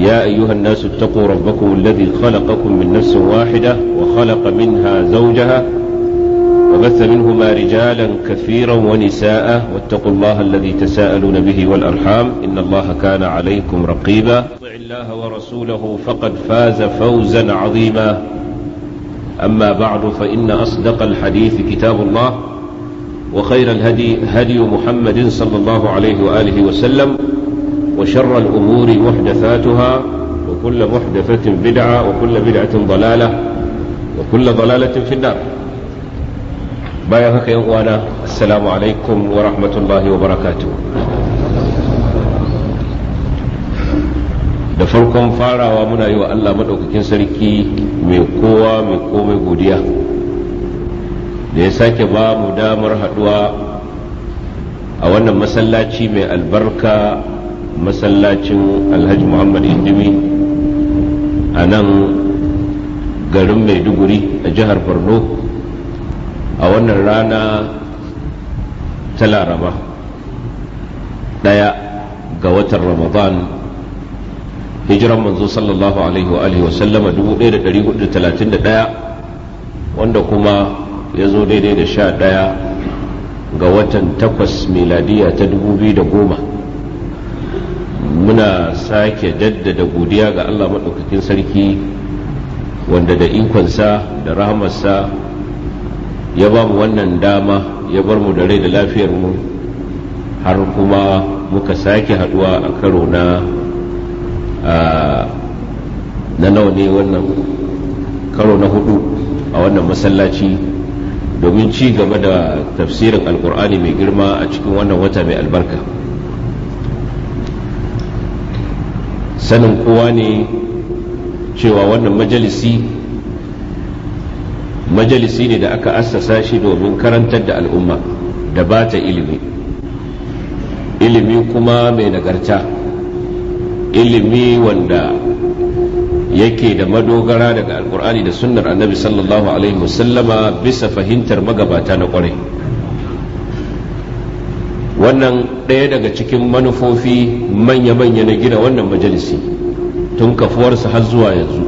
يا أيها الناس اتقوا ربكم الذي خلقكم من نفس واحدة وخلق منها زوجها وبث منهما رجالا كثيرا ونساء واتقوا الله الذي تساءلون به والأرحام إن الله كان عليكم رقيبا اطع الله ورسوله فقد فاز فوزا عظيما أما بعد فإن أصدق الحديث كتاب الله وخير الهدي هدي محمد صلى الله عليه وآله وسلم وشر الأمور محدثاتها وكل محدثة بدعة وكل بدعة ضلالة وكل ضلالة في النار بايا وانا السلام عليكم ورحمة الله وبركاته da farkon farawa muna yi wa Allah maɗaukakin sarki mai kowa mai komai godiya da ya sake ba mu damar haɗuwa a wannan masallaci mai albarka masallacin alhaji muhammad indimi a nan garin maiduguri a jihar borno a wannan rana ta laraba ɗaya ga watan ramadan hijiran manzo sallallahu alaihi wa sallama 1431 wanda kuma ya zo daidai da sha ɗaya ga watan takwas miladiya ta 2010 muna sake jaddada godiya ga Allah maɗaukakin sarki wanda da ikonsa da rahamarsa ya ba mu wannan dama ya bar mu da rai da lafiyar mu har kuma muka sake haduwa a karo na na nawa ne wannan karo na hudu a wannan masallaci domin ci gaba da tafsirin alkur'ani mai girma a cikin wannan wata mai albarka sanin kowa ne cewa wannan majalisi majalisi ne da aka assasa shi domin karantar da al'umma da ba ta ilimi ilimi kuma mai nagarta ilimi wanda yake da madogara daga alkur'ani da sunnar annabi sallallahu alaihi wasallama bisa fahimtar magabata na ƙwarai. wannan ɗaya daga cikin manufofi manya-manya na gina wannan majalisi tun kafuwarsa har zuwa yanzu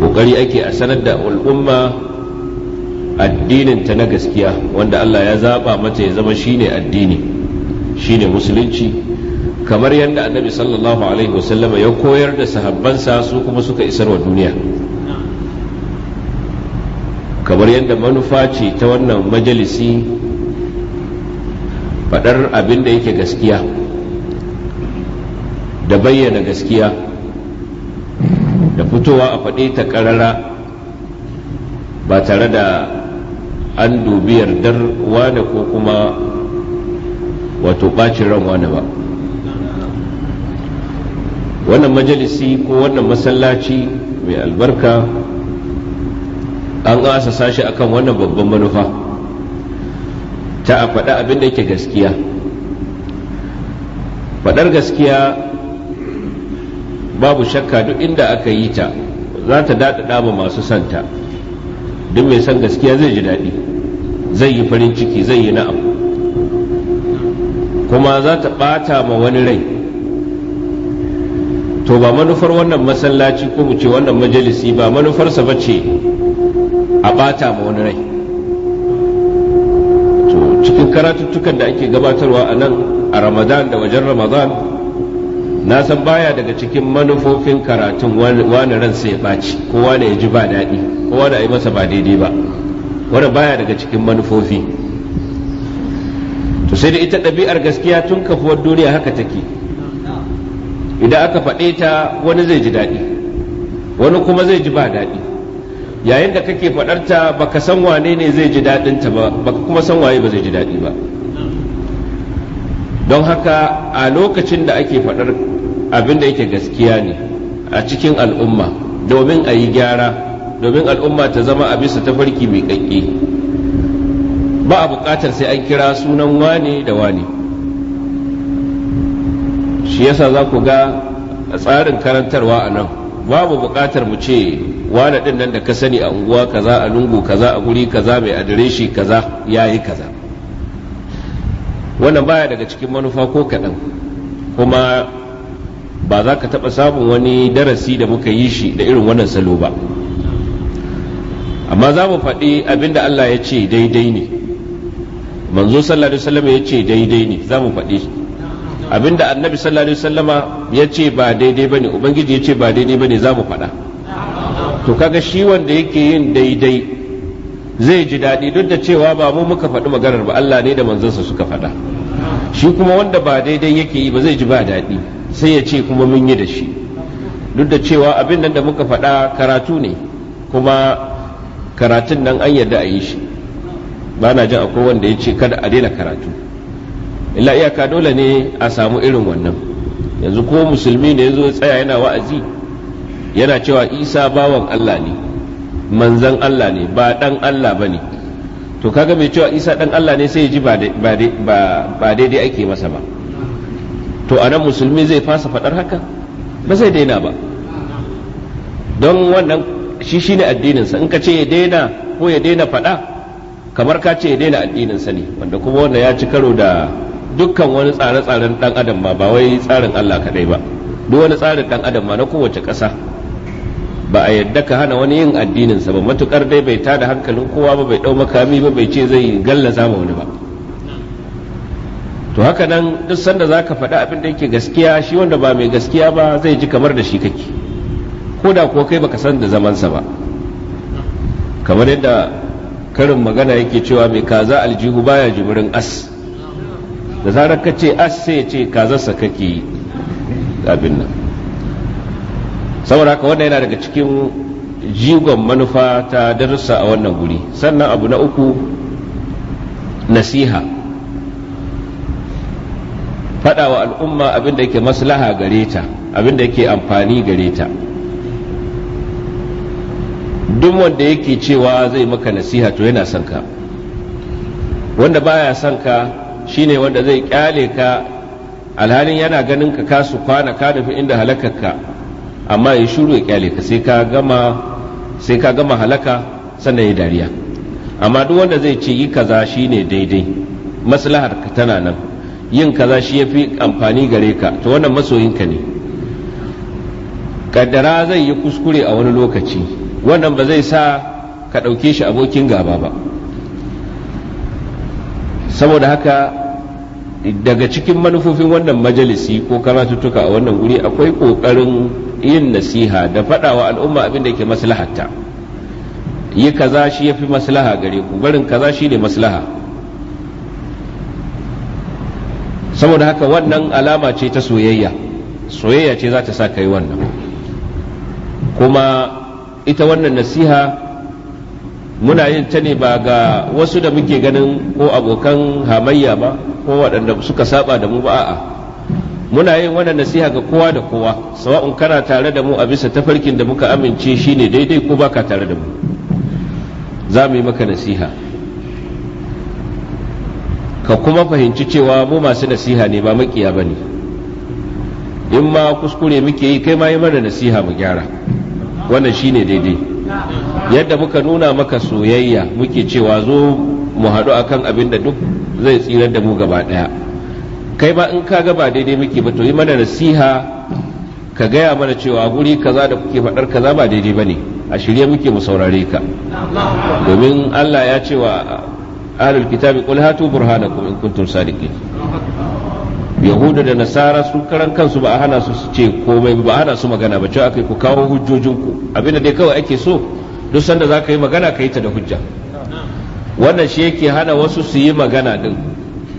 ƙoƙari ake a sanar da al'umma addininta na gaskiya wanda allah ya zaɓa mata ya zama shine addini shine musulunci kamar yadda annabi sallallahu alaihi wasallama ya koyar da sahabbansa su kuma suka isar wa duniya kamar yadda manufa ce ta wannan majalisi faɗar abin da yake gaskiya da bayyana gaskiya da fitowa a faɗe ta ƙarara ba tare da an dubi yardar wane ko kuma wato ɓacin ran wane ba wannan majalisi ko wannan masallaci mai albarka an asasa shi akan wannan babban manufa ta a faɗa abin da yake gaskiya faɗar gaskiya babu shakka duk inda aka yi ta za ta daɗaɗa ma masu santa duk mai son gaskiya zai ji daɗi zai yi farin ciki zai yi na'am kuma za ta ɓata ma wani rai to ba manufar wannan masallaci ko mu ce wannan majalisi ba manufarsa ba ce a ɓata ma wani rai cikin karatuttukan da ake gabatarwa a nan a ramadan da wajen ramadan na san baya daga cikin manufofin karatun wani ran sai ya ɓaci ko wani ya ji ba daɗi ko wani a yi masa ba daidai ba wani baya daga cikin manufofi to sai da ita ɗabi'ar gaskiya tun kafuwar duniya haka take idan aka faɗe ta wani zai ji daɗi wani kuma zai ji ba daɗi yayin da kake faɗarta baka san wane ne zai ji ta ba baka kuma san waye ba zai ji daɗi ba don haka a lokacin da ake faɗar abin da yake gaskiya ne a cikin al'umma domin a yi gyara domin al'umma ta zama a bisa tafarki mai ƙaƙƙe ba a buƙatar sai an kira sunan wane da wane shi yasa za ku ga tsarin karantarwa a nan babu buƙatar mu ce wane ɗin nan da ka sani a unguwa kaza a lungu kaza a guri kaza mai adireshi kaza ya yi kaza wannan baya daga cikin manufa ko kaɗan kuma ba za ka taɓa samun wani darasi da muka yi shi da irin wannan salo ba amma za mu faɗi abin da Allah ya ce daidai ne manzo sallallahu alaihi ya ce daidai ne za mu faɗi abin da annabi sallallahu alaihi ya ce ba daidai ba ne, ubangiji ya ce ba daidai ba ne za mu faɗa to kaga shi wanda yake yin daidai zai ji daɗi duk da cewa ba mu muka faɗi maganar ba Allah ne da manzansa suka faɗa shi kuma wanda ba daidai yake yi ba zai ji ba daɗi sai ya ce kuma mun yi da shi duk da cewa abin nan da muka faɗa karatu ne kuma karatun nan an yarda a yi shi ba na jin akwai wanda ya ce kada a daina karatu illa iyaka dole ne a samu irin wannan yanzu ko musulmi ne ya zo tsaya yana wa'azi yana cewa isa bawan Allah ne manzan Allah ne ba dan Allah ba ne to kaga mai cewa isa dan Allah ne sai ya ji ba daidai ake masa ba to anan musulmi zai fasa faɗar haka ba zai daina ba don wannan shi ne addininsa in ka ce ya daina ko ya daina faɗa kamar ka ce ya daina addininsa ne wanda kuma wanda ya ci karo da dukkan wani tsare-tsaren dan adam ba ba wai tsarin Allah kaɗai ba duk wani tsarin dan adam ma na kowace ƙasa ba a yadda ka hana wani yin addininsa ba matukar dai bai tada hankalin kowa ba bai dau makami ba bai ce zai gallaza ma wani ba to haka nan duk sanda za ka faɗi abin da yake gaskiya shi wanda ba mai gaskiya ba zai ji kamar da shi kake ko da kuwa kai baka san da zamansa ba kamar yadda karin magana yake cewa mai kaza aljihu baya jiburin as da zarar ka ce as sai ya ce sa kake abin nan saboda haka wannan yana daga cikin jigon manufa ta darussa a wannan guri sannan abu na uku nasiha Faɗawa wa al'umma abin da yake maslaha gare ta abin da yake amfani gare ta duk wanda yake cewa zai maka nasiha to yana son ka wanda baya son ka shine wanda zai kyale ka alhalin yana ganin ka kasu kwana ka nufi inda ka. amma ya shuru ya kyale ka sai ka gama sai ka gama halaka sannan ya dariya amma duk wanda zai ce yi kaza ne daidai maslahar ka tana nan yin kaza shi yafi amfani gare ka to wannan masoyinka ne kaddara zai yi kuskure a wani lokaci wannan ba zai sa ka ɗauke shi abokin gaba ba saboda haka daga cikin manufofin wannan majalisi ko karatuttuka a wannan guri akwai ƙoƙarin yin nasiha da faɗawa al'umma abin da yake maslahatta yi kaza shi yafi maslaha gare ku barin kaza shi ne maslaha saboda haka wannan alama ce ta soyayya soyayya ce za ta sa ka yi wannan kuma ita wannan nasiha muna yin ta ne ba ga wasu da muke ganin ko abokan hamayya ba ko waɗanda suka saba da mu ba a'a muna yin wannan nasiha ga kowa da kowa sawa'un kana tare da mu a bisa tafarkin da muka amince shi ne daidai ko baka tare da mu za mu yi maka nasiha ka kuma fahimci cewa mu masu nasiha ne ba makiya ba ne in ma kuskure muke yi kai ma yi mana nasiha mu gyara wannan shi ne daidai yadda muka nuna maka soyayya muke cewa zo mu haɗu akan abin da duk zai tsirar da mu gaba ɗaya kai ba in kaga ba daidai muke ba to yi mana nasiha ka gaya mana cewa guri kaza da kuke faɗar kaza ba daidai ba ne a shirye muke mu saurare ka domin Allah ya ce wa ahlul kitabi qul hatu burhanakum in kuntum sadiqin yahuda da nasara su karan kansu ba a hana su ce komai ba hana su magana ba cewa akai ku kawo hujjojinku abinda dai kawai ake so duk sanda za ka yi magana ka yi ta da hujja wannan shi yake hana wasu su yi magana din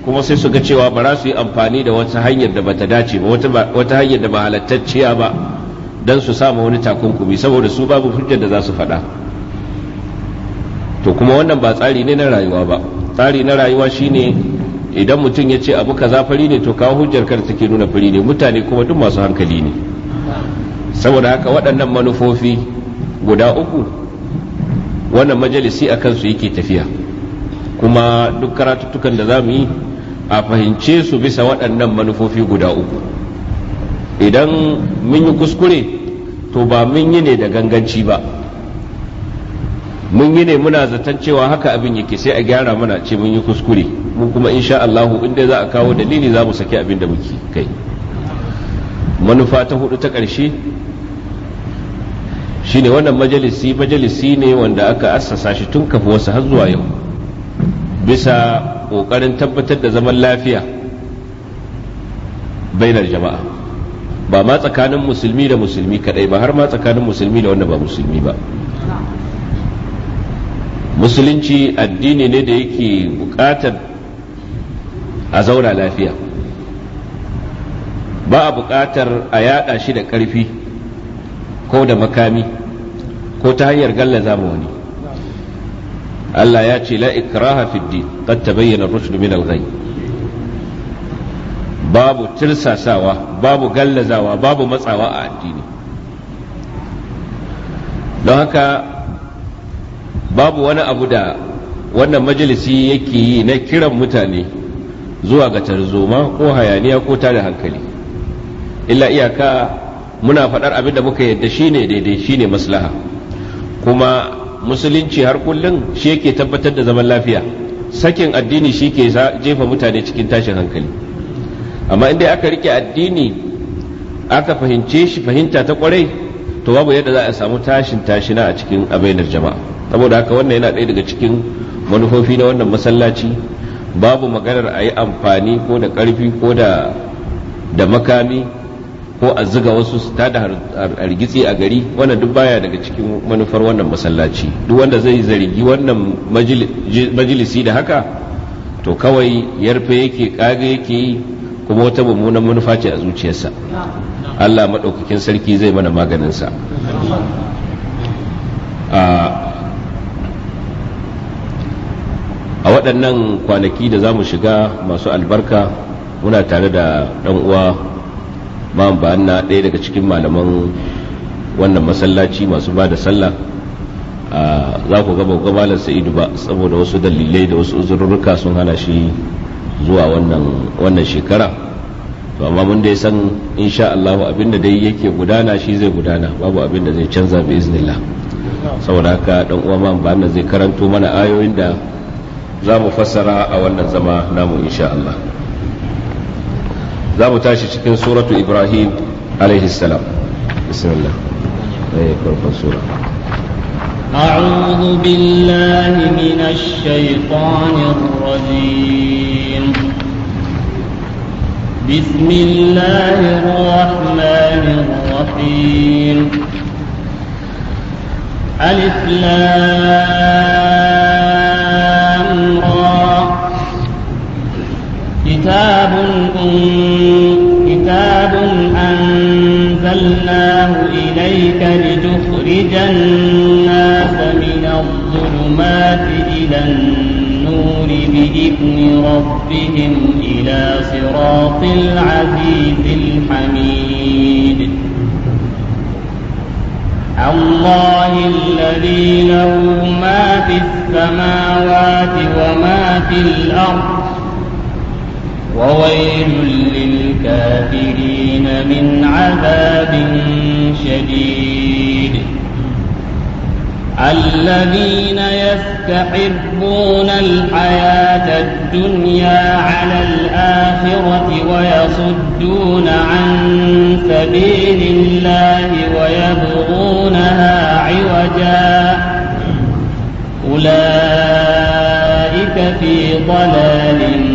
kuma sai su ga cewa ba za su yi amfani da wata hanyar da bata dace ba wata hanyar da ba halattacciya ba don su samu wani takunkumi saboda su babu hujjar da za su faɗa to kuma wannan ba tsari ne na rayuwa ba tsari na rayuwa shine idan mutum ya ce abu kaza fari ne to kawo hujjar kar take nuna fari ne mutane kuma duk masu hankali ne saboda haka waɗannan manufofi guda uku wannan majalisi a kansu yake tafiya kuma duk karatuttukan da za mu yi a fahimce su bisa waɗannan manufofi guda uku idan mun yi kuskure to ba mun yi ne da ganganci ba mun yi ne muna zaton cewa haka abin yake sai a gyara mana ce mun yi kuskure mu kuma insha Allahu inda za a kawo dalili za mu saki abin da muke kai manufa ta hudu ta ƙarshe shine wannan majalisi majalisi ne wanda aka assasa shi tun kafuwarsa wasu har zuwa yau bisa ƙoƙarin tabbatar da zaman lafiya bainar jama'a ba ma tsakanin musulmi da musulmi kaɗai ba har ma tsakanin musulmi da wanda ba musulmi ba musulunci addini ne da yake buƙatar a zauna lafiya ba a buƙatar a yaɗa shi da ƙarfi ko da makami ko ta hanyar gallaza wani Allah ya ce la ikraha fi din qad tabayyana ar-rushd min al-ghayb babu tirsasawa babu gallazawa babu matsawa a addini don haka babu wani abu da wannan majalisi yake yi na kiran mutane zuwa ga tarzoma ko hayaniya ko tada hankali illa iyaka muna faɗar abin da muka yadda shine daidai shine maslaha kuma musulunci har kullum shi yake tabbatar da zaman lafiya sakin addini shi ke jefa mutane cikin tashin hankali amma inda aka rike addini aka fahimce shi fahimta ta kwarai to babu yadda za a samu tashin tashina a cikin abainar jama'a saboda haka wannan yana ɗaya daga cikin manufofi na wannan masallaci babu maganar a yi amfani ko da ƙarfi ko da makami ko a ziga wasu su tada hargitsi a gari wannan duk baya daga cikin manufar wannan masallaci duk wanda zai zargi wannan majalisi da haka to kawai yarfe yake kage yake yi kuma wata mummunan manufa ce a zuciyarsa Allah maɗaukakin sarki zai mana maganinsa a waɗannan kwanaki da za mu shiga masu albarka muna tare da ɗan uwa ba ba na ɗaya daga cikin malaman wannan masallaci masu ba da sallah za ku gaba ga malam sa'idu ba saboda wasu dalilai da wasu uzurruka sun hana shi zuwa wannan shekara to amma mun dai san insha Allah abinda dai yake gudana shi zai gudana babu abin da zai canza bi iznillah saboda haka dan uwa man ba zai karanto mana ayoyin da za mu fassara a wannan zama namu insha Allah za mu tashi cikin suratu ibrahim alaihi salam bismillah eh farkon sura أعوذ بالله من الشيطان الرجيم بسم الله الرحمن الرحيم ألف لام كتاب كتاب أنزلناه إليك لتخرج الناس من الظلمات إلى النور بإذن ربهم إلى صراط العزيز الحميد الله الذي له ما في السماوات وما في الأرض وويل للكافرين من عذاب شديد الذين يستحبون الحياة الدنيا على الآخرة ويصدون عن سبيل الله ويبغونها عوجا أولئك في ضلال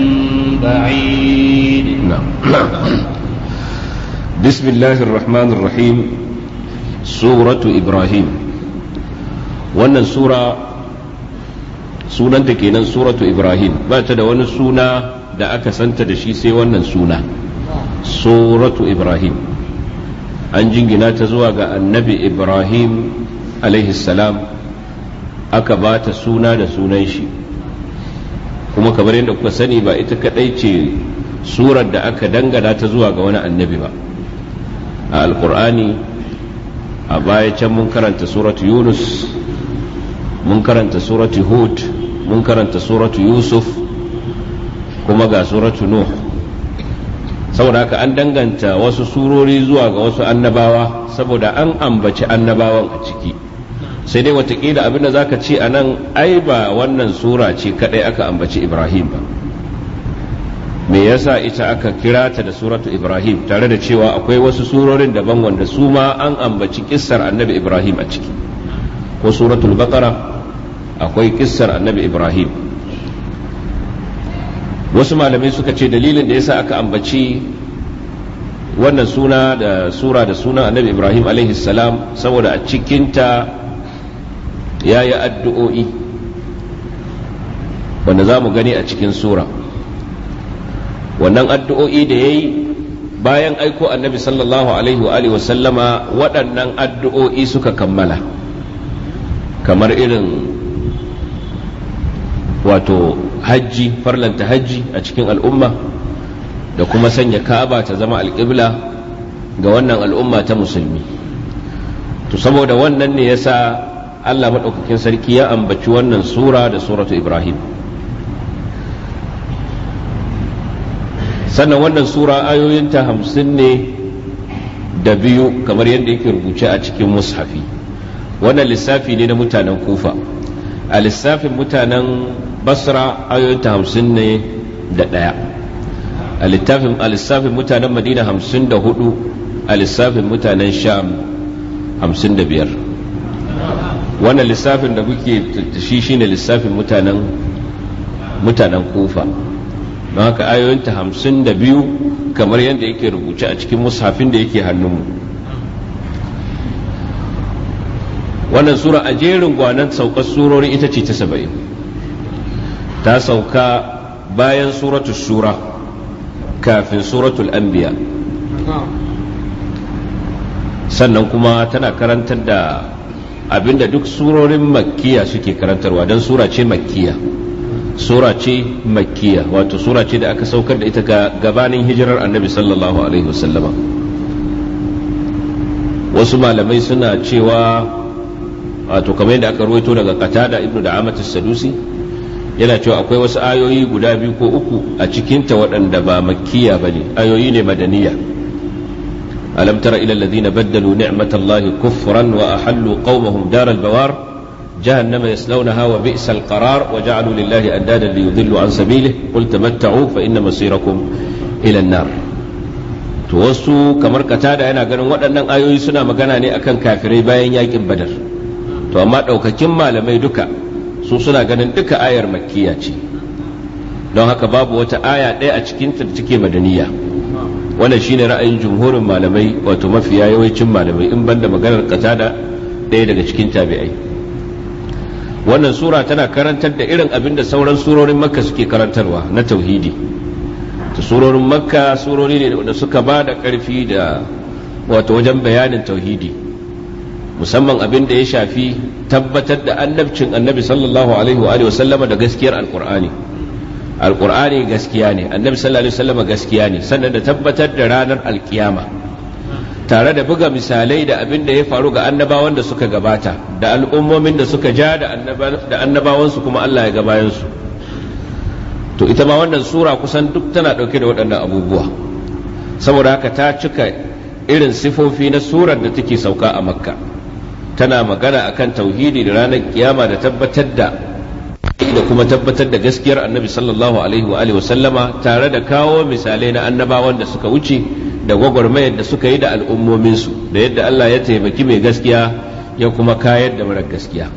بعيد نعم بسم الله الرحمن الرحيم سورة إبراهيم wannan sura sunanta kenan suratu ibrahim ba ta da wani suna da aka santa da shi sai wannan suna suratu ibrahim an jingina ta zuwa ga annabi ibrahim salam aka ba ta suna da sunan shi kuma kamar yadda kuka sani ba ita kadai ce surar da aka dangana ta zuwa ga wani annabi ba a alkur'ani a baya can mun karanta suratu yunus mun karanta suratu hud mun karanta suratu yusuf kuma ga suratu nuh saboda haka an danganta wasu surori zuwa ga wasu annabawa saboda an ambaci annabawan a ciki sai dai watakila abinda za ka ce a nan ai ba wannan sura ce kadai aka ambaci ibrahim ba me yasa ita aka kira ta da suratu ibrahim tare da cewa akwai wasu surorin daban wanda su ma an ambaci kissar annabi ibrahim a ciki ko suratul baqara akwai kissar annabi ibrahim wasu malamai suka ce dalilin da yasa aka ambaci wannan suna da sura da sunan annabi ibrahim alaihi saboda a cikinta ya yi addu'o'i wanda za mu gani a cikin sura wannan addu'o'i da ya yi bayan aiko annabi sallallahu alaihi wa sallama waɗannan addu'o'i suka kammala kamar irin wato hajji farlanta hajji a cikin al'umma da kuma sanya ka'aba ta zama alƙibla ga wannan al'umma ta musulmi to saboda wannan ne yasa Allah maɗaukakin sarki ya ambaci wannan sura da suratu Ibrahim sannan wannan sura ayoyinta hamsin ne da biyu kamar yadda yake rubuce a cikin mushafi wannan lissafi ne na mutanen kufa a lissafin mutanen basra ayoyinta hamsin ne da ɗaya a lissafin mutanen madina hamsin da hudu a lissafin mutanen sham hamsin da biyar wannan lissafin da kuke shi shine lissafin mutanen mutanen kufa don haka ayoyinta hamsin da biyu kamar yadda yake rubuce a cikin mushafin da yake hannunmu wannan sura a jerin gwanan saukar surori ita ce ta saba'in ta sauka bayan suratu sura kafin suratul anbiya sannan kuma tana karantar da abinda duk surorin makkiya suke karantarwa don sura ce makkiya sura ce makkiya wato sura ce da aka saukar da ita ga gabanin hijirar annabi sallallahu alaihi wasallama wasu malamai suna cewa wato kamar yadda aka ruwaito daga katada ibnu da amatis sadusi yana cewa akwai wasu ayoyi guda biyu ko uku a cikinta waɗanda ba makkiya ba ne ayoyi ne madaniya ألم تر إلى الذين بدلوا نعمة الله كفرا وأحلوا قومهم دار البوار جهنم يسلونها وبئس القرار وجعلوا لله أندادا ليضلوا عن سبيله قل تمتعوا فإن مصيركم إلى النار wasu kamar katada yana ganin waɗannan ayoyi suna magana ne akan kafirai bayan yakin badar to amma ɗaukakin malamai duka su suna ganin duka ayar makkiya ce don haka babu wata aya ɗaya a cikinta da take madaniya wannan shine ra'ayin jumhurin malamai wato mafiya yawancin malamai in banda maganar da ɗaya daga cikin tabi'ai wannan sura tana karantar da irin abin da sauran surorin makka suke karantarwa na tauhidi ta surorin makka surori ne da suka ba da ƙarfi da wato wajen bayanin tauhidi musamman abin da ya shafi tabbatar da annabcin annabi sallallahu alaihi wa sallama da gaskiyar alkur'ani alqur'ani gaskiya ne annabi sallallahu alaihi wasallam gaskiya ne sannan da tabbatar da ranar alkiyama tare da buga misalai da abin da ya faru ga annabawan da suka gabata da al'ummomin da suka ja da annabawansu kuma Allah ya ga bayansu to ita ma wannan sura kusan duk tana dauke da waɗannan abubuwa saboda haka ta cika irin sifofi na surar da take sauka a makka tana magana akan tauhidi da ranar kiyama da tabbatar da da kuma tabbatar da gaskiyar annabi sallallahu alaihi wa alihi sallama tare da kawo misalai na annabawan da suka wuce da gwagwarmayar da suka yi da al'ummominsu da yadda Allah ya taimaki mai gaskiya ya kuma kayar da mara gaskiya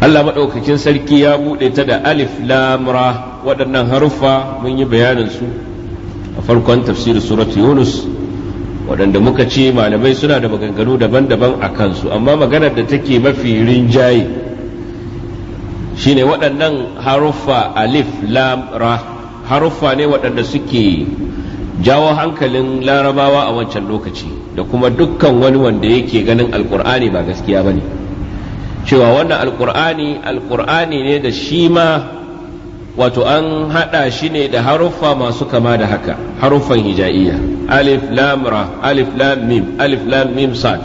Allah maɗaukakin sarki ya buɗe ta da alif lamura waɗannan haruffa mun yi bayanin su a farkon tafsirin suratu yunus waɗanda muka ce malamai suna da maganganu daban-daban a kansu amma maganar da take mafi rinjaye shine waɗannan haruffa alif lam ra haruffa ne waɗanda suke jawo hankalin larabawa a wancan lokaci da kuma dukkan wani wanda yake ganin alkur'ani ba gaskiya ba ne cewa wannan alkur'ani alkur'ani ne da shi ma wato an haɗa shi ne da haruffa masu kama da haka haruffan hija'iyya alif lam ra alif lam mim alif lam mim sad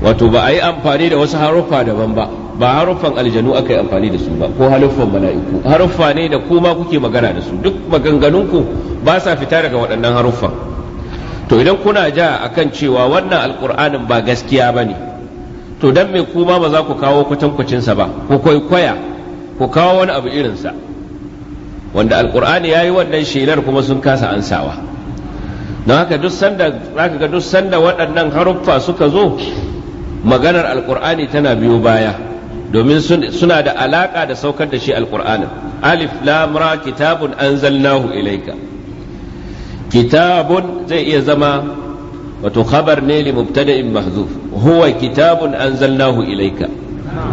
wato ba a yi amfani da wasu haruffa daban ba ba haruffan aljanu aka yi amfani da su ba ko haruffan mala'iku haruffa ne da kuma kuke magana da su duk maganganunku ba sa fita daga waɗannan haruffan to idan kuna ja akan cewa wannan alƙur'anin ba gaskiya ba ne to dan me kuma ba za ku kawo kwatankwacinsa ba ku kwaikwaya ku kawo wani abu irinsa wanda alkur'ani ya yi wannan shelar kuma sun kasa ansawa don haka duk sanda zaka ga duk sanda waɗannan haruffa suka zo maganar alkur'ani tana biyo baya domin suna da alaƙa da saukar da shi alkur'anin alif lam ra kitabun anzalnahu ilaika kitabun zai iya zama wato khabar ne li mubtada'in mahzuf huwa kitabun anzalnahu ilaika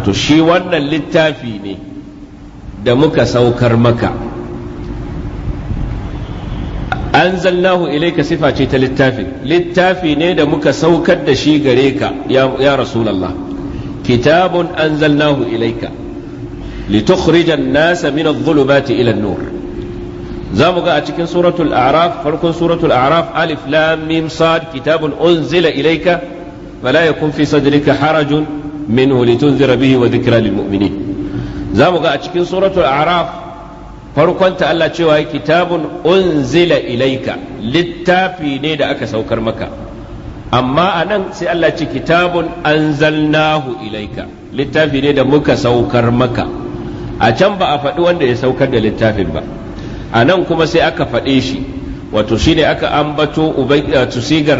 to shi wannan littafi ne da muka saukar maka an zallahu ilaika sifa ce ta littafi littafi ne da muka saukar da shi gare ka ya rasulallah kitabun an zallahu ilaika litukhrijan nasa min adh-dhulumati ila nur za ga a cikin suratul a'raf farkon suratul a'raf alif lam mim kitabun unzila ilayka bala ya kunfi sadrika harajun minhu litunzira bihi wa dhikra lil mu'minin za mu ga a cikin suratul araf farkonta Allah cewa kitabun unzila ilaika littafi ne da aka saukar maka amma a nan sai Allah ce kitabun anzalnahu ilaika littafi ne da muka saukar maka a can ba a faɗi wanda ya saukar da littafin ba a nan kuma sai aka faɗe shi wato shine aka ambato tusigar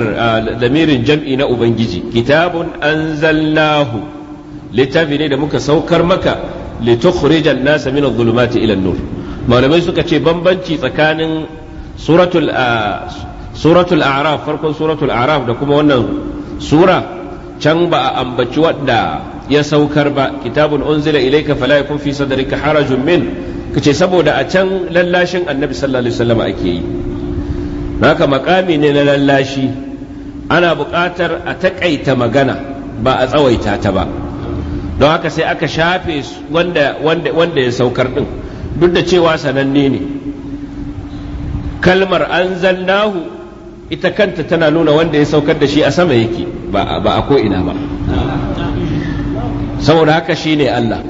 lamirin jam'i na ubangiji kitabun anzalnahu littafi ne da muka saukar maka litukhrija an-nas min malamai suka ce bambanci tsakanin suratul ah, suratul a'raf farkon suratul a'raf da kuma wannan sura can ba a ambaci wadda ya saukar ba kitabun unzila ilayka fala yakun fi sadrika harajun min kace saboda a can lallashin annabi sallallahu alaihi ake yi naka makami ne na lallashi ana buƙatar a takaita magana ba a tsawaita ta ba don haka sai aka shafe wanda, wanda, ya saukar ɗin duk da cewa sananne ne kalmar zannahu ita kanta tana nuna wanda ya saukar da shi a sama yake ba a ko'ina ba saboda haka shi ne Allah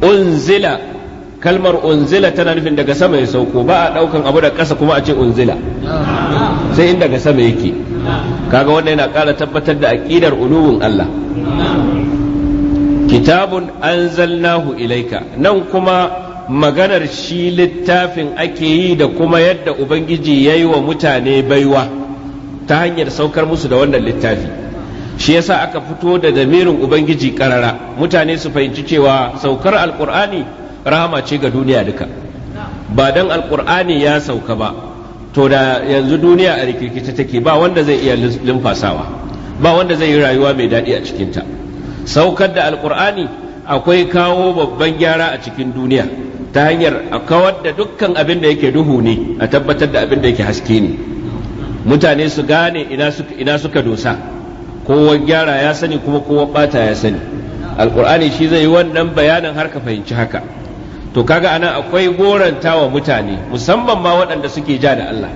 unzila kalmar unzila tana nufin daga sama ya sauko ba a ɗaukan abu da ƙasa kuma a ce unzila sai in daga sama yake kaga wanda yana ƙara tabbatar da aƙidar uluwun Allah kitabun anzalnahu ilaika nan kuma maganar shi littafin ake yi da kuma yadda ubangiji ya yi wa mutane baiwa ta hanyar saukar musu da wannan littafi shi yasa aka fito da damirin ubangiji karara mutane su fahimci cewa saukar alkur'ani rahama ce ga duniya duka ba dan alkur'ani ya sauka ba to da yanzu duniya a rikirkita take ba wanda zai iya lumfasawa ba wanda zai yi rayuwa mai daɗi a cikinta saukar da alkur'ani akwai kawo babban gyara a cikin duniya ta hanyar a kawar da dukkan abin da yake duhu ne a tabbatar da abin da yake haske ne mutane su gane ina suka dosa kowa gyara ya sani kuma kowa bata ya sani alkur'ani shi zai yi wannan bayanin har ka fahimci haka to kaga anan akwai goranta wa mutane musamman ma waɗanda suke ja da Allah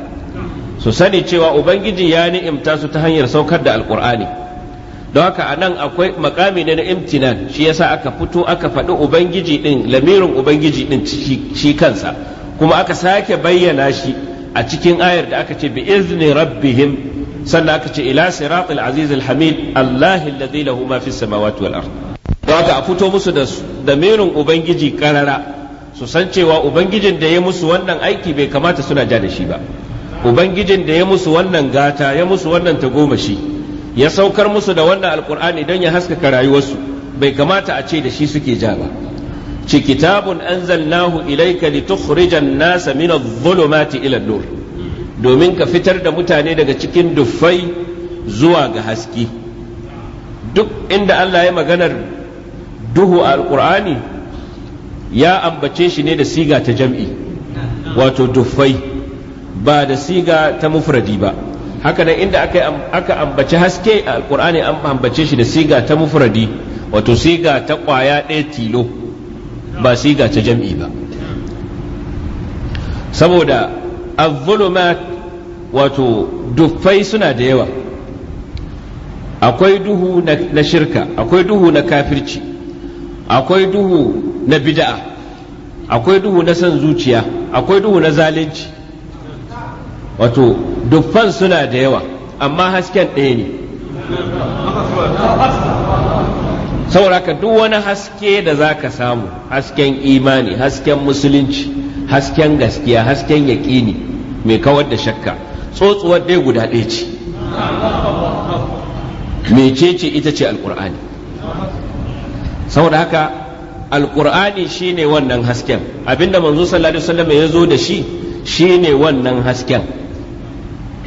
su sani cewa ubangiji ya ni'imta su ta hanyar saukar da alkur'ani don haka a nan akwai makami ne na imtinan shi yasa aka fito aka faɗi ubangiji ɗin lamirin ubangiji ɗin shi kansa kuma aka sake bayyana shi a cikin ayar da aka ce bi izni rabbihim sannan aka ce ila siratul aziz hamid allahi alladhi lahu ma fis samawati wal ard don haka a fito musu da lamirin ubangiji karara su san cewa ubangijin da ya musu wannan aiki bai kamata suna ja da shi ba ubangijin da ya musu wannan gata ya musu wannan tagomashi ya saukar musu da wannan alkur'ani don ya haskaka rayuwarsu bai kamata a ce da shi suke ja ba ci kitabun anzalnahu ilayka litukhrijan nasa min adh-dhulumati ila nur domin ka fitar da mutane daga cikin dufai zuwa ga haske duk inda Allah ya maganar duhu a alkur'ani ya ambace shi ne da siga ta jam'i wato duffai ba da siga ta mufradi ba haka nan inda aka ambace haske a alkur'ani an ambace shi da siga ta mufradi wato siga ta kwaya ɗaya tilo ba siga ta jam'i ba saboda al-zulumat wato duffai suna da yawa akwai duhu na shirka akwai duhu na kafirci akwai duhu na bida'a, akwai duhu na son zuciya akwai duhu na zalunci wato duffan suna da yawa amma hasken ɗaya ne sauraka duk wani haske da za ka samu hasken imani hasken musulunci hasken gaskiya hasken yaƙini mai kawar da shakka tsotsuwar dai guda ɗaya ce mecece ita ce alƙur'ani haka alƙur'ani shi ne wannan hasken abinda manzo sallallahu alaihi wasallam ya zo da shi shi ne wannan hasken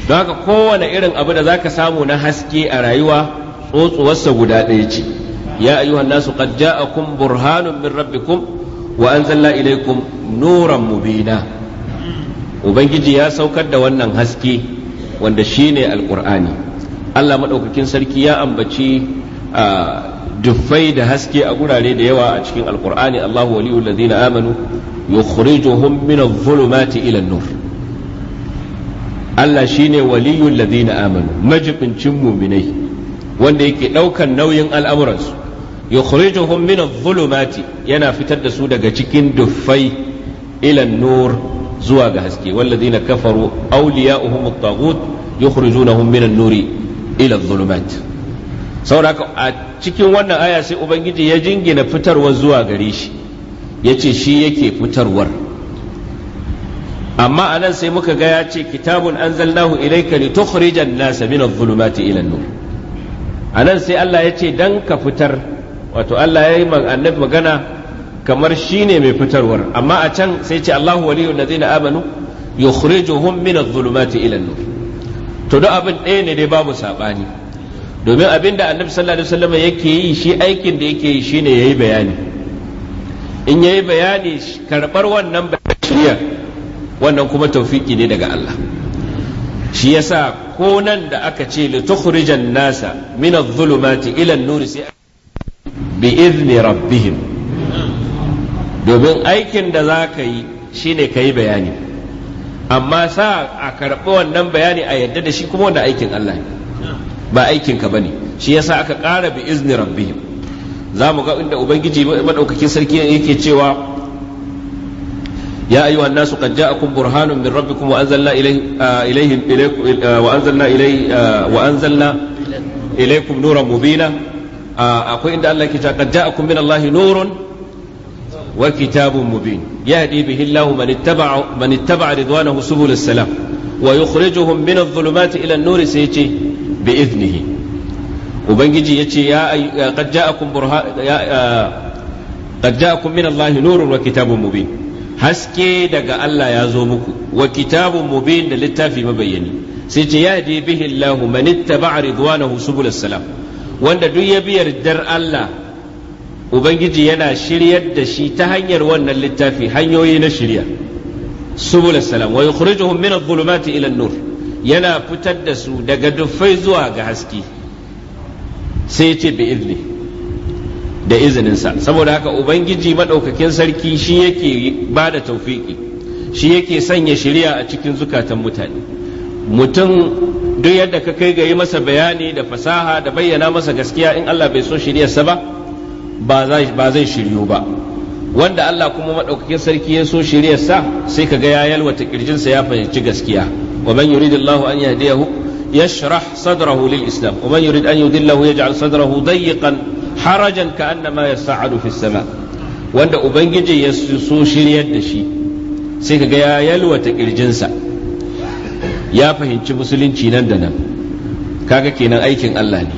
don haka kowane irin abu da zaka samu na haske a rayuwa tsotsuwarsa guda ɗaya ce ya ayyuhan nasu qad ja'akum burhanun min rabbikum wa anzalna ilaykum nuran mubina ubangiji ya saukar da wannan haske wanda shine alqur'ani Allah madaukakin sarki ya ambaci duffai da haske a gurare da yawa a cikin alqur'ani Allahu waliyul ladina amanu yukhrijuhum min adh-dhulumati ila an-nur Allah shine waliyyun ladina amanu majibincin muminai wanda yake daukan nauyin al'amuransu yukhrijuhum min adh-dhulumati yana fitar da su daga cikin duffai ila nur zuwa ga haske walladina kafaru awliya'uhum at-taghut yukhrijunahum min an-nuri ila adh-dhulumat saboda a cikin wannan aya sai ubangiji ya jingina fitarwa zuwa gare shi yace shi yake fitarwar amma anan sai muka ga ya ce kitabun anzalnahu ilayka litukhrijan nasa min adh-dhulumati ila an-nur anan sai Allah ya ce dan ka fitar wato Allah ya yi annabi magana kamar shine mai fitarwar amma a can sai ce Allahu waliyu ladzina amanu yukhrijuhum min adh-dhulumati ila an-nur to da abin ɗaya ne dai babu sabani domin abin da annabi sallallahu alaihi wasallam yake yi shi aikin da yake yi shine yayi bayani in yayi bayani karbar wannan shirya wannan kuma taufiki ne daga Allah shi yasa ko nan da aka ce li tukhrijan nasa min adh-dhulumati ila an-nur sai bi idni rabbihim domin aikin da za ka yi shine ka yi bayani amma sa a karɓi wannan bayani a yadda da shi kuma wanda aikin Allah ne ba aikin ka bane shi yasa aka ƙara bi izni rabbihim za mu ga inda ubangiji maɗaukakin sarki yake cewa يا أيها الناس قد جاءكم برهان من ربكم وأنزلنا إليه إليهم وأنزلنا إليه وأنزلنا إليكم نورا مبينا أقول إن الله كتاب قد جاءكم من الله نور وكتاب مبين يهدي به الله من اتبع من اتبع رضوانه سبل السلام ويخرجهم من الظلمات إلى النور سيتي بإذنه وبنجي يتي يا قد جاءكم برهان قد جاءكم من الله نور وكتاب مبين haske daga Allah ya zo muku wa kitabun mubin da littafi mabayyani sai ce ya je bihi Allah man ittaba'a ridwanahu subul salam wanda duk ya biyar dar Allah ubangiji yana shiryar da shi ta hanyar wannan littafi hanyoyi na shirya subul salam wa yukhrijuhum min adh-dhulumati ila an-nur yana fitar da su daga duffai zuwa ga haske sai ce bi idni da izininsa saboda haka ubangiji maɗaukakin sarki shi yake ba da taufiki shi yake sanya shirya a cikin zukatan mutane mutum duk yadda ka kai ga yi masa bayani da fasaha da bayyana masa gaskiya in Allah bai so shiryarsa ba ba zai shiryu ba wanda Allah kuma maɗaukakin sarki ya so shiryarsa sai ka ga ya yalwata kirjinsa ya fahimci gaskiya wa man yuridillahu an yahdiyahu yashrah sadrahu lil islam wa man yurid an yudillahu yaj'al sadrahu dayyqan harajan ka annama yas'adu fis sama wanda ubangiji ya so shiryar da shi sai kaga ya yalwata kirjinsa ya fahimci musulunci nan da nan kaga kenan aikin Allah ne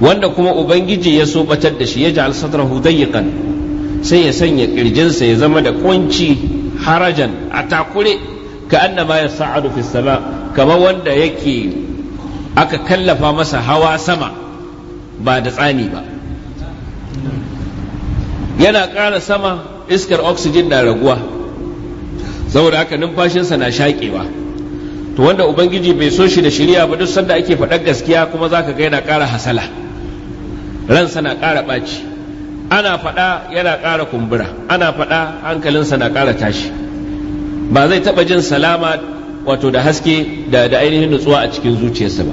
wanda kuma ubangiji ya so batar da shi ya ja'al satrahu dayiqan sai ya sanya kirjinsa ya zama da kunci harajan a takure ka annama yas'adu fis sama kamar wanda yake aka kallafa masa hawa sama ba da tsani ba yana ƙara sama iskar oxygen na raguwa saboda haka numfashinsa na shaƙewa to wanda ubangiji bai so shi da shirya ba duk sanda ake faɗar gaskiya kuma za ka ga yana ƙara hasala ransa na ƙara ɓaci ana faɗa yana ƙara kumbura ana faɗa hankalinsa na ƙara tashi ba zai taɓa jin salama wato da haske da ainihin nutsuwa a cikin zuciyarsa ba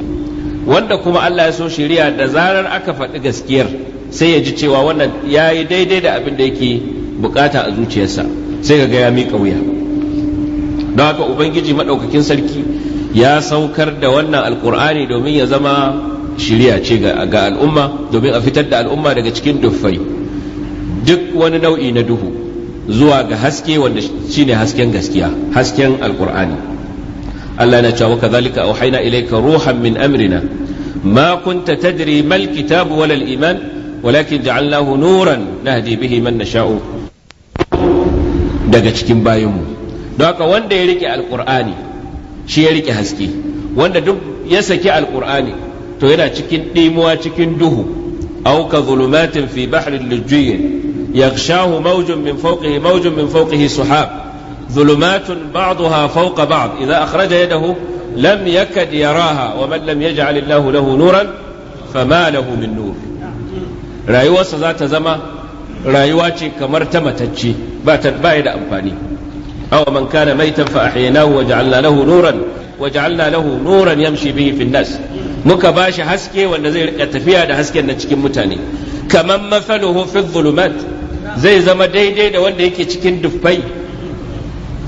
wanda kuma Allah ya so shari'a da zarar aka faɗi gaskiyar sai ya ji cewa wannan ya yi daidai da abin da yake bukata a zuciyarsa sai ga ya miƙa wuya don haka ubangiji maɗaukakin sarki ya saukar da wannan alkur'ani domin ya zama shari'a ce ga al'umma domin a fitar da al'umma daga cikin duffai duk wani nau'i na duhu zuwa ga haske wanda shine hasken gaskiya hasken alkur'ani Allah yana cewa kadhalika auhayna ilaika ruhan min amrina makunta kunta tadri mal kitabu wal iman walakin allahu nuran nahdi bihi man nasha'u daga cikin bayinmu don haka wanda ya rike alqur'ani shi ya rike haske wanda duk ya saki alqur'ani to yana cikin dimuwa cikin duhu أو كظلمات في بحر لجي يغشاه موج من فوقه موج من فوقه سحاب zulumatun ba'daha fawqa ba'd idza akhraja yadahu lam yakad yaraha wa man lam yaj'al Allahu lahu nuran fama lahu min nur rayuwarsa za ta zama rayuwa ce kamar ta matacce ba ta ba da amfani aw man kana maitan fa ahyaynahu wa nuran wa ja'alna nuran yamshi bihi fi muka bashi haske wanda zai rika tafiya da hasken na cikin mutane kaman mafaluhu fi zai zama daidai da wanda yake cikin dufai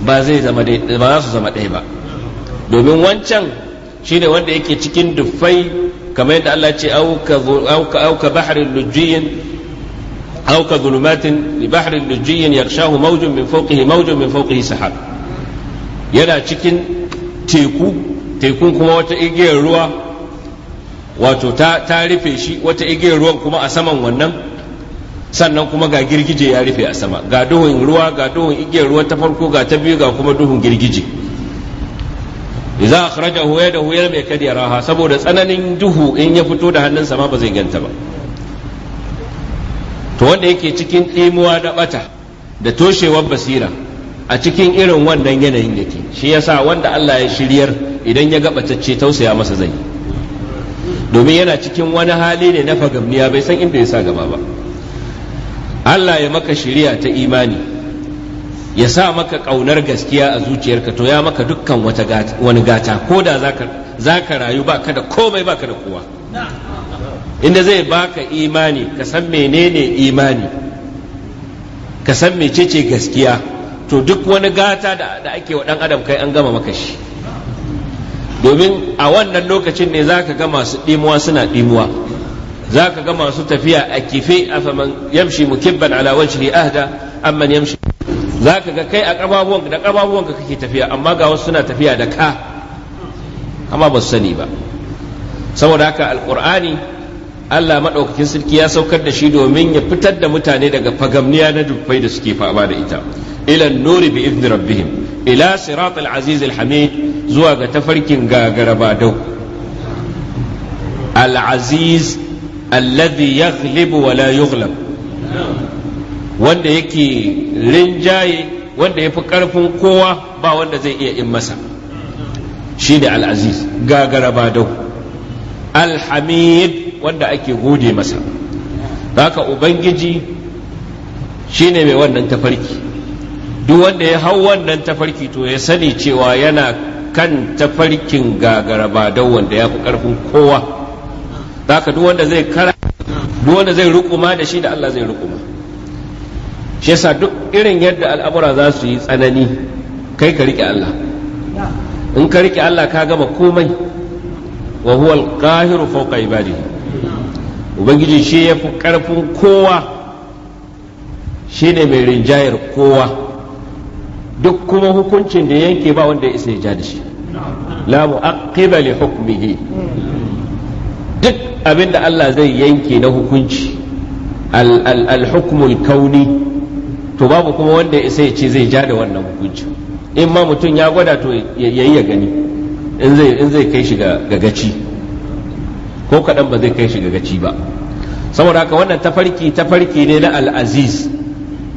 ba zai zama ba za su zama ɗaya ba domin wancan shine wanda yake cikin dufai kamar yadda Allah ce auka bahrin lujiyin أو كظلمات لبحر لجي يغشاه موج min فوقه موج min فوقه سحاب yana cikin teku tekun kuma wata igiyar ruwa wato ta, rufe shi wata igiyar ruwan kuma a saman wannan sannan kuma ga girgije ya rufe a sama ga duhun ruwa ga duhun igiyar ruwa ta farko ga ta biyu ga kuma duhun girgije idza akhrajahu da hoyar mai kad yaraha saboda tsananin duhu in ya fito da hannun sama ba zai ganta ba to wanda yake cikin ɗimuwa da bata da toshewar basira a cikin irin wannan yanayin yake shi yasa wanda Allah ya shiryar idan ya batacce tausaya masa zai domin yana cikin wani hali ne na fagamniya bai san inda ya sa gaba ba Allah ya maka shiriya ta imani ya sa maka ƙaunar gaskiya a zuciyarka to ya maka dukkan wani gata ko da za ka rayu ba ka da komai ba ka da kowa inda zai baka imani ka san menene imani ka san mecece gaskiya to duk wani gata da ake wa ɗan adam kai an gama maka shi domin a wannan lokacin ne za ka ga masu ɗimuwa suna ɗimuwa za ka ga masu tafiya a kife a faman yamshi mukibban ala wajhi ahda amman yamshi za ka ga kai a ƙababuwan da ƙababuwan ka kake tafiya amma ga wasu suna tafiya da ka amma ba su sani ba saboda haka alkur'ani Allah maɗaukakin sarki ya saukar da shi domin ya fitar da mutane daga fagamniya na dubbai da suke fama da ita ila nuri bi idni rabbihim ila siratal aziz hamid zuwa ga tafarkin gagaraba dau al aziz alladhi yaghlibu wa la yughlab wanda yake rinjaye wanda yafi karfin kowa ba wanda zai iya in masa shi ne al'aziz gagara ba dau alhamid wanda ake gode masa haka ubangiji shine mai wannan tafarki duk wanda ya hau wannan tafarki to ya sani cewa yana kan tafarkin gagara ba dau wanda ya fi karfin kowa haka duk wanda zai kara duk wanda zai rukuma da shi da Allah zai rukuma shi yasa duk irin yadda al'amura za su yi tsanani kai ka rike Allah in ka rike Allah ka gama komai wa huwa al-qahiru fawqa ibadihi ubangiji shi ya fi karfin kowa shi ne mai rinjayar kowa duk kuma hukuncin da yanke ba wanda ya isa ya ja da shi la mu'aqqiba li hukmihi abinda Allah zai yanke na hukunci al-hukmul kauni to babu kuma wanda ya sai ce zai ja da wannan hukunci in ma mutum ya gwada to yayi ya gani in zai kai shi ga gaci ko kaɗan ba zai kai shi ga gaci ba saboda haka wannan tafarki tafarki ne na al-aziz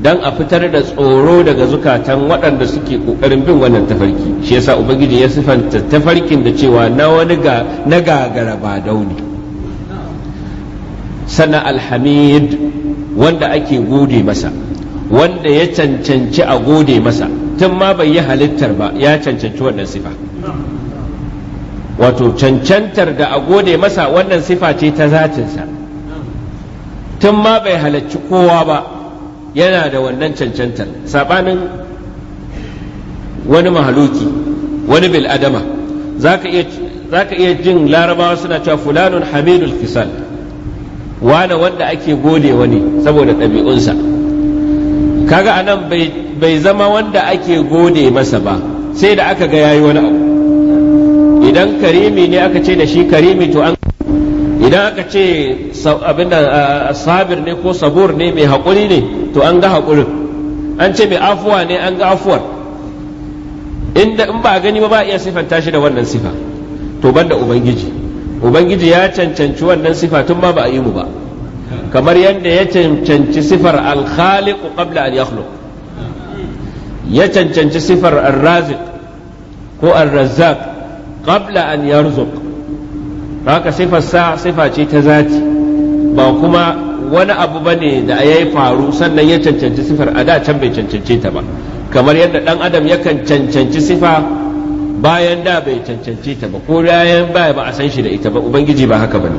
dan a fitar da tsoro daga zukatan waɗanda suke ƙoƙarin bin wannan tafarki shi yasa ubangiji ya sifanta tafarkin da cewa na wani na gagara ba dauni Sana alhamid wanda ake gode masa wanda ya cancanci a gode masa tun ma bai yi halittar ba ya cancanci wannan sifa wato cancantar da a gode masa wannan sifa ce ta zatinsa tun ma bai halarci kowa ba yana da wannan cancantar saɓanin wani mahaluki wani bil'adama za ka iya jin larabawa suna cewa fulanun hamidul fisal wane wanda ake gode wani saboda ɗabi'unsa kaga anan bai zama wanda ake gode masa ba sai da aka ga yayi wani abu idan karimi ne aka ce da shi karimi to an idan aka ce abinda sabir ne ko sabur ne mai haƙuri ne to an ga haƙurin an ce mai afuwa ne an ga afuwar in ba gani ba ba iya siffanta shi da wannan sifa to banda ubangiji ubangiji ya cancanci wannan sifa tun ma ba a yi mu ba kamar yadda ya cancanci sifar al-khaliq qabla an yakhluq ya cancanci sifar ar-raziq ko ar-razzaq qabla an yarzuq haka sifar sa sifa ce ta zati ba kuma wani abu ne da ya faru sannan ya cancanci sifar a da can bai cancance ta ba kamar yadda dan adam yakan cancanci sifa bayan da bai cancanci ta ba ko bayan baya ba a san shi da ita ba ubangiji ba haka bane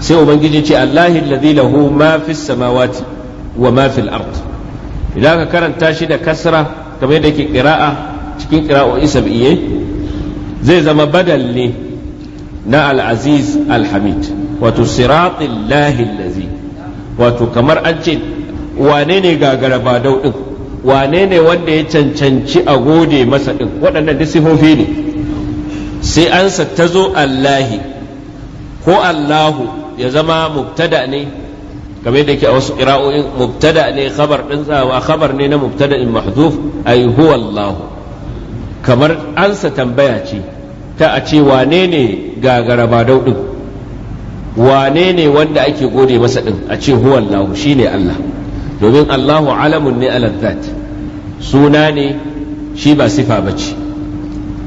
sai ubangiji ce Allahi alladhi lahu ma fis samawati wa ma fil ard idan ka karanta shi da kasra kamar yadda ke qira'a cikin qira'o'i sab'iyye zai zama badal ne na al-aziz al-hamid wato siratil lahi allazi wato kamar an ce wane ne gagara ba daudin wane ne wanda ya cancanci a gode masa ɗin waɗannan da sifofi ne sai ansa ta zo allahi ko allahu ya zama mubtada ne kamar yadda ke a wasu ƙira'o'in mubtada ne khabar ɗin tsawa khabar ne na mubtada in mahduf ai huwa allahu kamar ansa tambaya ce ta a ce wane ne gagara ba ɗin wane ne wanda ake gode masa ɗin a ce huwa allahu shine allah domin Allahu alamun ne alazzat suna ne shi ba sifa ba ce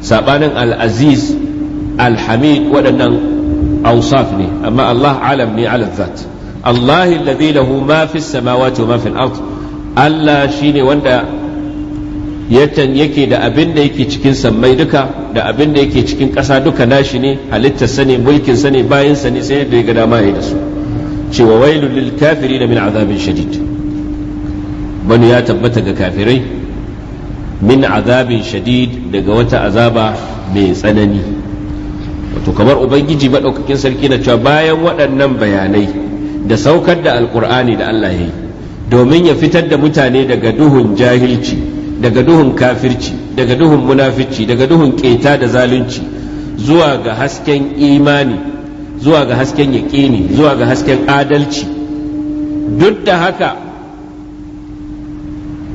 saɓanin al'aziz alhamid waɗannan ausaf ne amma Allah alam ne ala Allah alladhi lahu ma fi samawati wa ma fi al Allah shine wanda yatan yake da abin da yake cikin sammai duka da abin da yake cikin ƙasa duka nashi ne halittar sani mulkin sani bayan sani sai da ya ga dama ya da su cewa wailul lil kafirin min azabin shadid bal ya tabbata ga kafirai min azabin shadid daga wata azaba mai tsanani wato kamar ubangiji maɗaukakin sarki na cewa bayan waɗannan bayanai da saukar da alkur'ani da allah ya yi domin ya fitar da mutane daga duhun jahilci daga duhun kafirci daga duhun munafici daga duhun keta da zalunci zuwa ga hasken imani zuwa ga hasken yaƙini zuwa ga hasken adalci duk da haka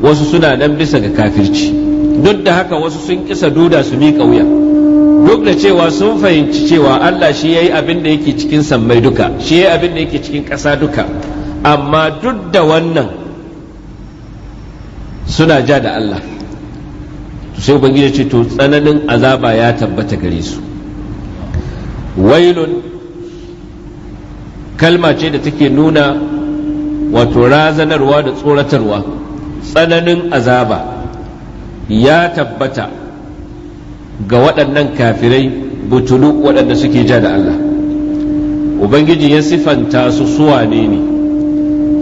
wasu suna nan bisa ga kafirci duk da haka wasu sun kisa duda su miƙa wuya duk da cewa sun fahimci cewa Allah shi yayi abin da yake cikin sammai duka shi yayi abin da yake cikin ƙasa duka amma duk da wannan suna ja da Allah sai ubangiji ce to tsananin azaba ya tabbata gare su wailun kalma ce da take nuna wato razanarwa da tsoratarwa tsananin azaba ya tabbata ga waɗannan kafirai butulu waɗanda suke ja da Allah ubangiji ya sifanta su suwa ne ne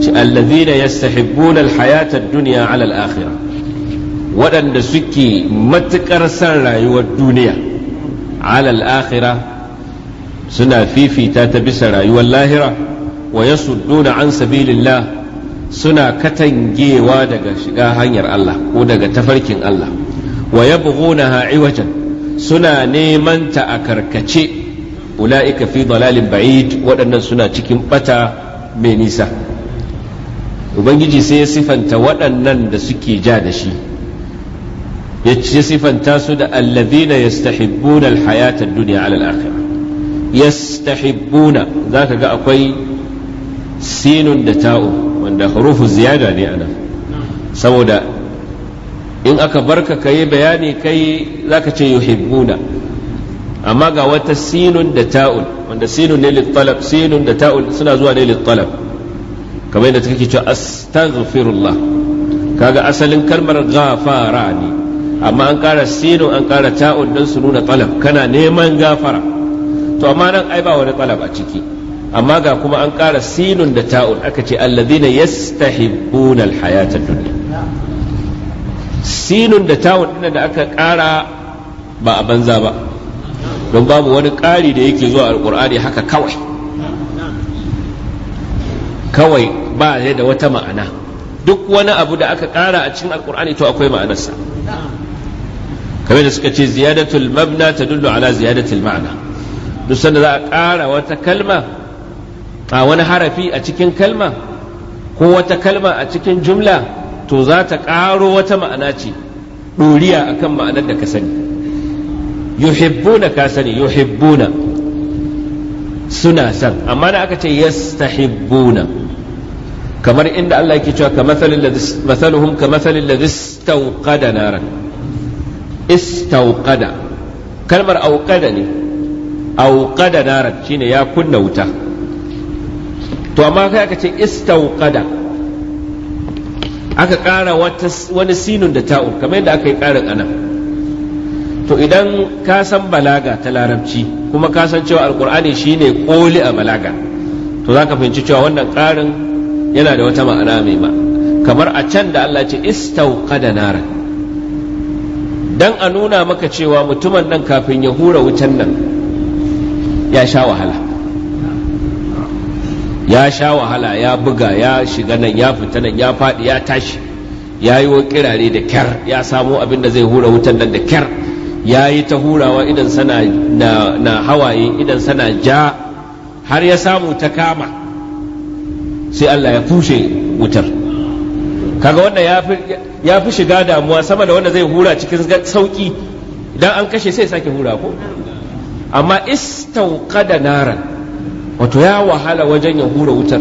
ci allazina yastahibbuna alhayata ad duniya ala al waɗanda suke matuƙar san rayuwar duniya alal akhira suna fifita ta bisa rayuwar lahira wa yasudduna an sabilillah suna katangewa daga shiga hanyar Allah ko daga tafarkin Allah wa yabghunaha iwajan suna neman ta a karkace ula'ika fi dalalin ba'id waɗannan suna cikin bata mai nisa ubangiji sai ya sifanta waɗannan da suke ja da shi ya sifanta su da alladhina yastahibbuna alhayata ad-dunya 'ala al-akhirah yastahibbuna zaka ga akwai sinun da ta'u wanda hurufu ziyada ne ana saboda in aka barka ka yi bayani kai zaka ce yuhibbuna amma ga wata sinun da ta'ul wanda sinun ne littalab sinun da ta'ul suna zuwa ne littalab kamar yadda take cewa astaghfirullah kaga asalin kalmar gafara ne amma an ƙara sinun an ƙara ta'ul don su nuna talab kana neman gafara to amma nan ai ba wani talab a ciki amma ga kuma an ƙara sinun da ta'un aka ce allazina yastahibbuna alhayata dunya sinun da ta'un din da aka ƙara ba a banza ba don babu wani ƙari da yake zuwa alqur'ani haka kawai kawai ba ya da wata ma'ana duk wani abu da aka ƙara a cikin alqur'ani to akwai ma'anarsa kamar da suka ce ziyadatul mabna tadullu ala ziyadatul ma'ana duk sanda za a ƙara wata kalma a wani harafi a cikin kalma ko wata kalma a cikin jumla to za ta ƙaro wata ma'ana ce ɗoriya akan ma'anar da ka sani yuhibbuna ka sani yuhibbuna suna san amma na aka ce yastahibbuna kamar inda Allah yake cewa ka mathaluhum ka mathalil ladhi istawqada naran istawqada kalmar auqada ne auqada naran shine ya kunna wuta to amma kai aka ce istauqada aka ƙara wani sinun da ta'ur kamar yadda aka yi ƙarin anan to idan ka san balaga ta larabci kuma ka san cewa alkur'ani shine koli a balaga to za ka fahimci cewa wannan ƙarin yana da wata ma'ana mai ma kamar a can da Allah ce istauqada naran dan a nuna maka cewa mutumin nan kafin ya hura wutan nan ya sha wahala ya sha wahala ya buga ya shiga nan ya fita nan ya faɗi ya tashi ya yi kirare da kyar ya samo abin da zai hura wutan nan da kyar ya yi ta hurawa idan sana na, hawaye idan sana ja har ya samu ta kama sai Allah ya fushe wutar kaga wanda ya fi shiga damuwa sama da wanda zai hura cikin sauki idan an kashe sai sake hura ko amma istauqada naran wato ya wahala wajen ya hura wutar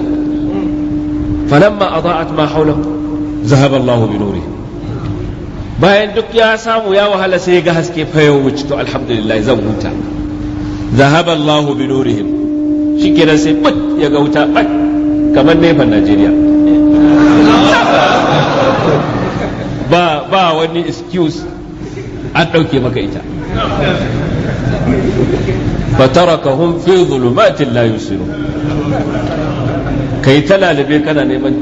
falamma adaat ma haula zahaba Allahu bi nuri bayan duk ya samu ya wahala sai ya ga haske fayo wuce to alhamdulillah zan huta zahaba Allahu bi nurihim shikenan sai bat ya ga wuta bat kamar nefan Najeriya ba ba wani excuse an dauke maka ita fatarakahum fi dhulumatin la yusiru kai ta lalube kana neman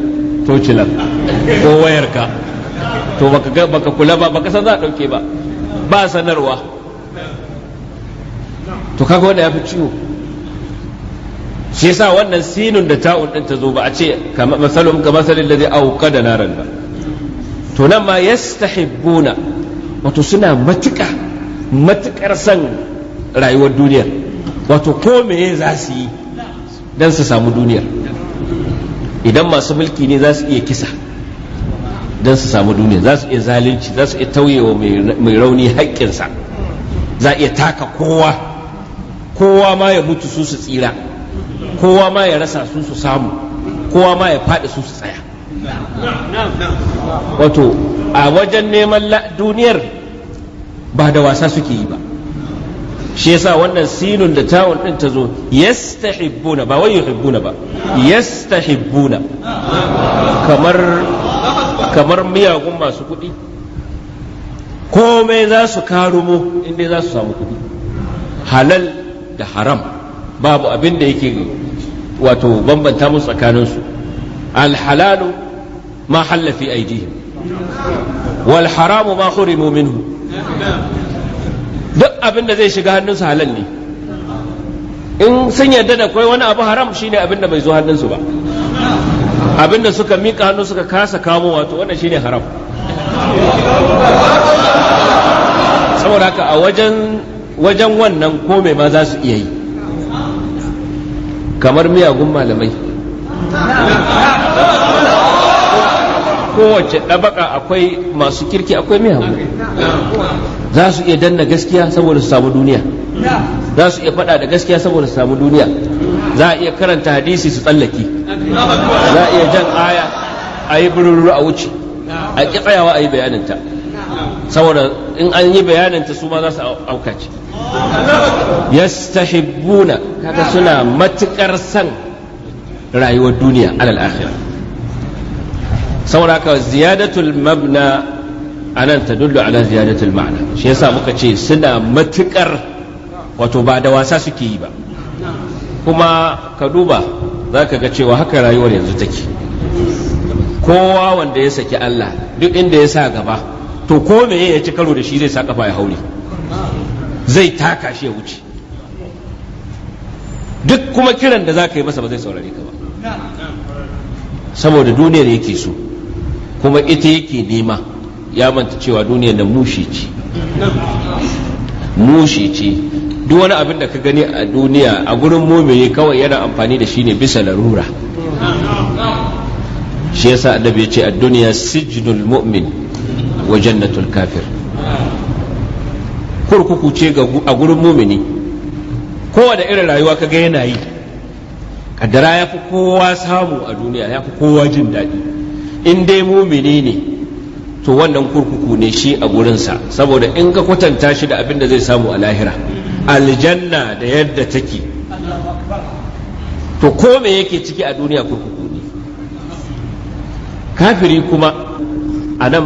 tocilan ko wayarka to baka baka kula ba baka san za a dauke ba ba sanarwa to kaga wanda ya fi ciwo shi yasa wannan sinun da ta'un din ta zo ba a ce kamar masalum kamar salin ladhi auqada naran ba to nan ma yastahibbuna wato suna matuƙa matuƙar son rayuwar duniyar wato ko meye za su yi don su samu duniyar idan masu mulki ne za su iya kisa don su samu duniya za su iya zalunci za su iya tauyewa mai rauni haƙƙinsa za iya taka kowa kowa ma ya mutu su su tsira kowa ma ya rasa su su samu kowa ma ya faɗi su su tsaya wato a wajen neman duniyar ba da wasa suke yi ba shi yasa wannan sinun da tawul din ta zo yastahibbuna ba wai yuhibbuna ba yastahibbuna kamar kamar miyagun masu kuɗi komai za su karumo inda za su samu kuɗi halal da haram babu abin da yake wato bambanta mu tsakaninsu alhalalu ma halla fi aidihim wal haramu ma hurimu duk abin da zai shiga hannunsu halal ne in sun yarda da kwai wani abu haram shine abin da bai zo hannunsu ba abin da suka mika hannu suka kasa kamo wato wannan shine haram saboda haka a wajen wajen wannan ko mai ma za su iya yi kamar miyagun malamai kowace ɗabaka akwai masu kirki akwai mai hamu za su iya danna gaskiya saboda su samu duniya za su iya faɗa da gaskiya saboda su samu duniya za a iya karanta hadisi su tsallaki za a iya jan aya a yi bururu a wuce a ƙi tsayawa a yi bayaninta saboda in an yi bayaninta su ma za su auka ce yastahibbuna kaga suna matukar san rayuwar duniya alal akhirah sauraka ziyadatul mabna anan ta dullu ala ziyadatul ma'ana shi yasa muka ce suna matukar wato ba da wasa suke yi ba kuma ka duba za ka ga cewa haka rayuwar yanzu take kowa wanda ya saki Allah duk inda ya sa gaba to ko me ya ci karo da shi zai sa kafa ya haure zai taka shi ya wuce duk kuma kiran da za ka yi masa ba zai saurare ka ba saboda duniyar yake so kuma ita yake nema ya manta cewa duniya da mushi ce mushi ce duk wani abin da ka gani a duniya a gurin mumini kawai yana amfani da shi ne bisa larura shi yasa annabi ya ce a duniya sijinul mu'min wa jannatul kafir kurkuku ce a gurin mumini da irin rayuwa ka ga yana yi kaddara ya fi kowa samu a duniya ya fi kowa jin daɗi in dai mumini ne to wannan kurkuku ne shi a gurinsa saboda in ka kwatanta shi da abin da zai samu a lahira aljanna da yadda take to ko me yake ciki a duniya kurkuku ne kafiri kuma a nan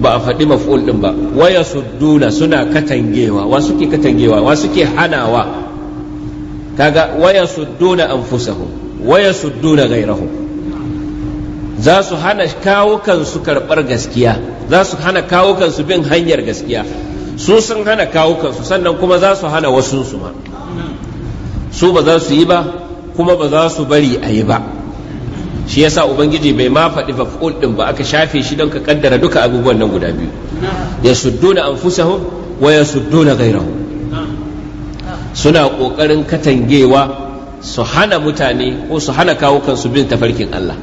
ba a faɗi maf'ul ɗin ba waya sudduna suna katangewa wa suke katangewa wa suke hanawa kaga waya sudduna anfusahum waya sudduna ghairahum za su hana kawo kansu karɓar gaskiya za su hana kawo kansu bin hanyar gaskiya su sun hana kawo kansu sannan kuma za su hana su ma su ba za su yi ba kuma ba za su bari a yi ba shi yasa ubangiji bai ma faɗi maf'ul ɗin ba aka shafe shi don ka kaddara duka abubuwan nan guda biyu ya sudduna anfusahum wa ya sudduna ghairahum suna ƙoƙarin katangewa su hana mutane ko su hana kawo kansu bin tafarkin Allah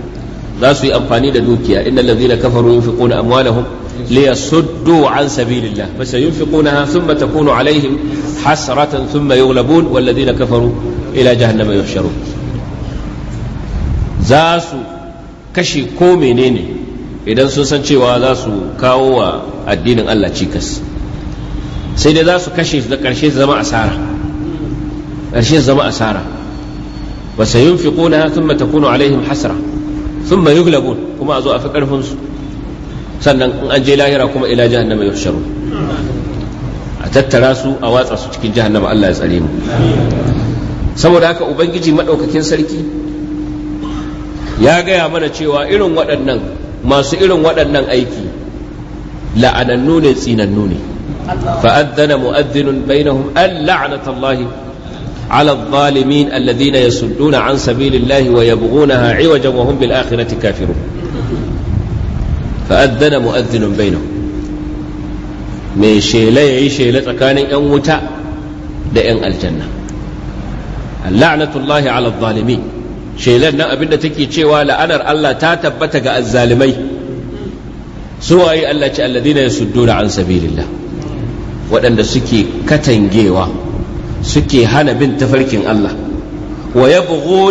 za su yi amfani da dukiya innal ladhina kafaru yunfiquna amwalahum liyasuddu an sabilillah fa sayunfiqunaha thumma takunu alaihim hasratan thumma yughlabun wal ladhina kafaru ila jahannama yuhsharun za su kashe ko menene idan sun san cewa za su kawo wa addinin Allah cikas sai dai za su kashe su da Karshe su zama asara ƙarshe su zama asara wa sayunfiquna thumma takunu alaihim hasratan sun mai yuglabun kuma a zo a fi ƙarfinsu sannan in an je lahira kuma ila jahannama yusharu a tattara su a watsa su cikin jahannama Allah ya tsare mu saboda haka ubangiji maɗaukakin sarki ya gaya mana cewa irin waɗannan masu irin waɗannan aiki la'anannu ne tsinannu ne fa'addana mu'adhdhinun bainahum an la'natullahi على الظالمين الذين يصدون عن سبيل الله ويبغونها عوجا وهم بالآخرة كافرون فأذن مؤذن بينهم mai shela ya yi shela tsakanin 'yan wuta da 'yan aljanna la'natullahi ala zalimi shelar nan abinda take cewa la'anar Allah ta tabbata ga azzalimai suwaye Allah ce alladina yasudduna waɗanda suke katangewa suke hana bin tafarkin Allah wa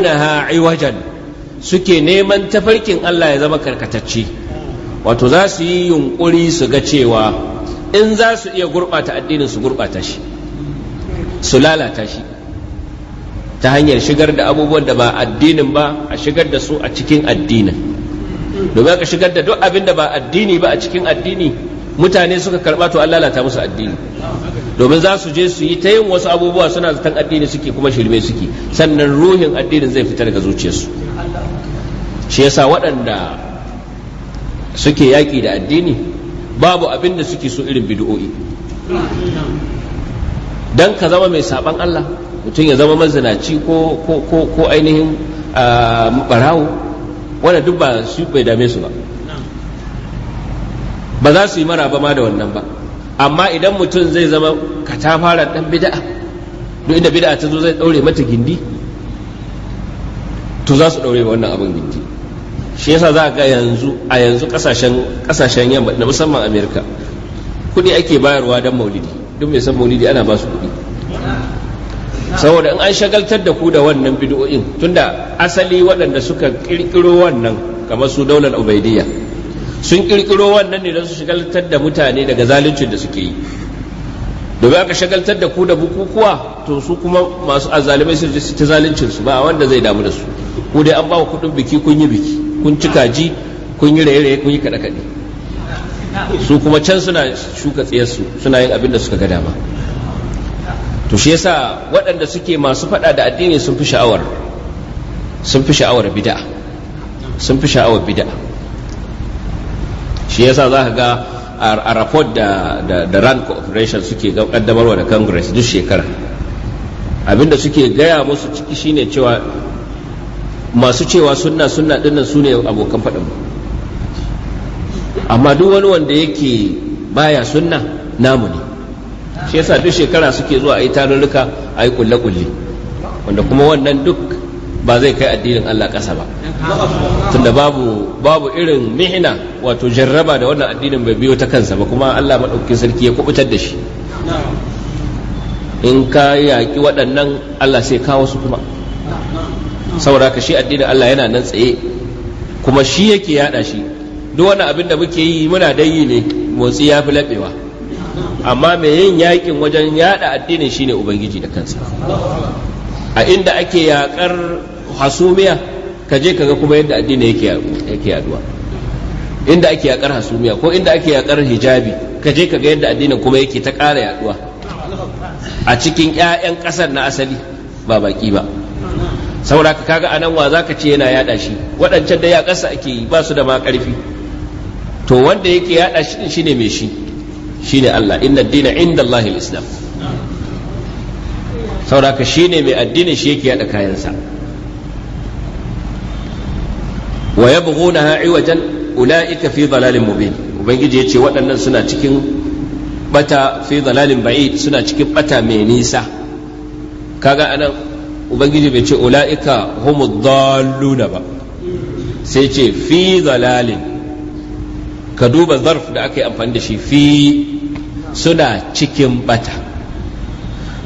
ha iwajan suke neman tafarkin Allah ya zama karkatacce wato za su yi yunkuri su ga cewa in za su iya gurbata addinin su gurbata shi su lalata shi ta hanyar shigar da abubuwan da ba addinin ba a shigar da su a cikin addinin domin ka shigar da duk abin da ba addini ba a cikin addini mutane suka karba to an lalata musu addini domin za su je su yi ta yin wasu abubuwa suna zaton addini suke kuma shirme suke sannan ruhin addinin zai fita daga zuciyarsu shi yasa waɗanda suke yaƙi da addini babu abin da suke so irin bid'o'i dan ka zama mai saɓan Allah mutum ya zama mazinaci ko ko ainihin barawo ah, wanda duk ba su bai dame su ba ba za su yi marabama ma da wannan ba amma idan mutum zai zama katafaren dan bid'a duk inda bid'a ta zo zai daure mata gindi to za su daure wannan abin gindi shi yasa za ga yanzu a yanzu kasashen kasashen yamma na musamman amerika kudi ake bayarwa dan maulidi duk mai san maulidi ana ba su kudi saboda in an shagaltar da ku da wannan bid'o'in tunda asali waɗanda suka kirkiro wannan kamar su daular ubaidiyya sun kirkiro wannan ne don su shagaltar da mutane daga zaluncin da suke yi domin aka shagaltar da ku da bukukuwa to su kuma masu azalimai su ta zaluncin su ba wanda zai damu da su ku dai an ba ku kudin biki kun yi biki kun ci kaji kun yi raye-raye kun yi kaɗe-kaɗe su kuma can suna shuka tsayarsu suna yin abin da suka ga dama to shi yasa waɗanda suke masu faɗa da addini sun fi sha'awar sun fi sha'awar bid'a sun fi sha'awar bid'a shi yasa za ka ga a rapport da da rand corporation suke kaddamarwa da congress duk shekara abinda suke gaya musu ciki shine cewa masu cewa sunna sunna dinnan su ne abokan faɗin amma duk wani wanda yake baya sunna namu ne shi yasa duk shekara suke zuwa a yi tarurruka a yi kulle-kulle wanda kuma wannan duk ba zai kai addinin Allah ƙasa ba tunda babu babu irin mihina wato jarraba da wannan addinin bai biyo ta kansa ba kuma Allah maɗaukakin sarki ya kubutar da shi in ka yaƙi waɗannan Allah sai kawo su kuma saboda ka shi addinin Allah yana nan tsaye kuma shi yake yaɗa shi duk wani abin da muke yi muna dayi ne motsi ya fi laɓewa amma mai yin yaƙin wajen yaɗa addinin shine ubangiji da kansa a inda ake yaƙar hasumiya ka je kaga kuma yadda addini yake yake yaduwa inda ake yakar hasumiya ko inda ake yakar hijabi ka je kaga yadda addinin kuma yake ta ƙara yaduwa a cikin 'ya'yan ƙasar na asali ba baki ba saboda ka kaga anan wa zaka ce yana yada shi waɗancan da ya ƙasa ake yi ba su da ma ƙarfi to wanda yake yada shi shine mai shi shine Allah inna dina inda Allahil Islam saboda ka shine mai addinin shi yake yada kayansa wa yabghunaha iwajan ulaika fi dalalin mubin ubangiji yace waɗannan suna cikin bata fi dalalin ba'id suna cikin bata mai nisa kaga anan ubangiji bai ce ulaika humud dalluna ba sai ce fi dalalin ka duba zarf da aka yi amfani da shi fi suna cikin bata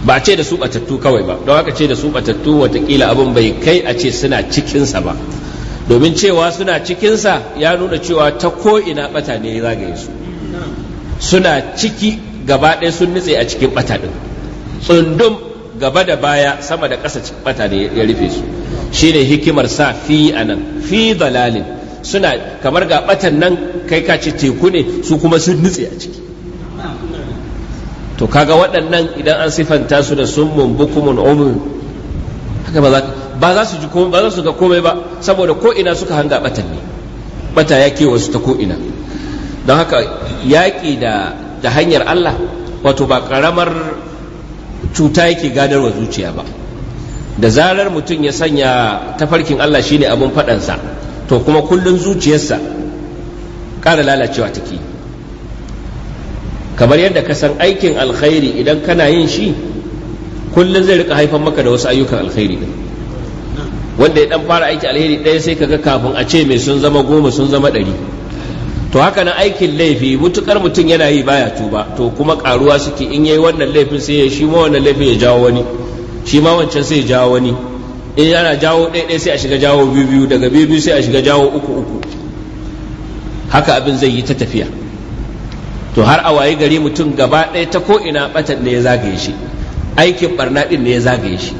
ba ce da su batattu kawai ba don haka ce da su batattu watakila abun bai kai a ce suna cikinsa ba domin cewa suna cikinsa ya nuna cewa ta ko'ina bata ne ya zagaye su suna ciki gaba ɗaya sun nutse a cikin bata ɗin tsundum gaba da baya sama da ƙasa cikin bata ne ya rufe su shine hikimar sa fi anan fi dalalin suna kamar ga batan nan kai ka ce teku ne su kuma sun nutse a ciki to kaga waɗannan idan an sifanta su da sun mumbukumun umur haka ba za ka ba za su ga komai ba saboda koina suka hanga batan ne bata ya kewa su ta ko don haka yaƙi da da hanyar Allah wato ba karamar cuta yake gadarwa zuciya ba da zarar mutum ya sanya tafarkin Allah shine abin faɗansa to kuma kullum zuciyarsa ƙara lalacewa take kamar yadda ka san aikin alkhairi idan kana yin shi kullum zai rika haifar maka da wasu ayyukan alkhairi din wanda ya dan fara aiki alheri ɗaya sai kaga kafin a ce mai sun zama goma sun zama ɗari to haka nan aikin laifi mutukar mutum yana yi baya tuba to kuma karuwa suke in yayi wannan laifin sai ya shi ma wannan laifin ya jawo wani shi ma wancan sai ya jawo wani in yana jawo ɗaya ɗaya sai a shiga jawo biyu biyu daga biyu biyu sai a shiga jawo uku uku haka abin zai yi ta tafiya to har a waye gari mutum gaba ɗaya ta ko ina batan ne ya zagaye shi aikin barna ɗin ne ya zagaye shi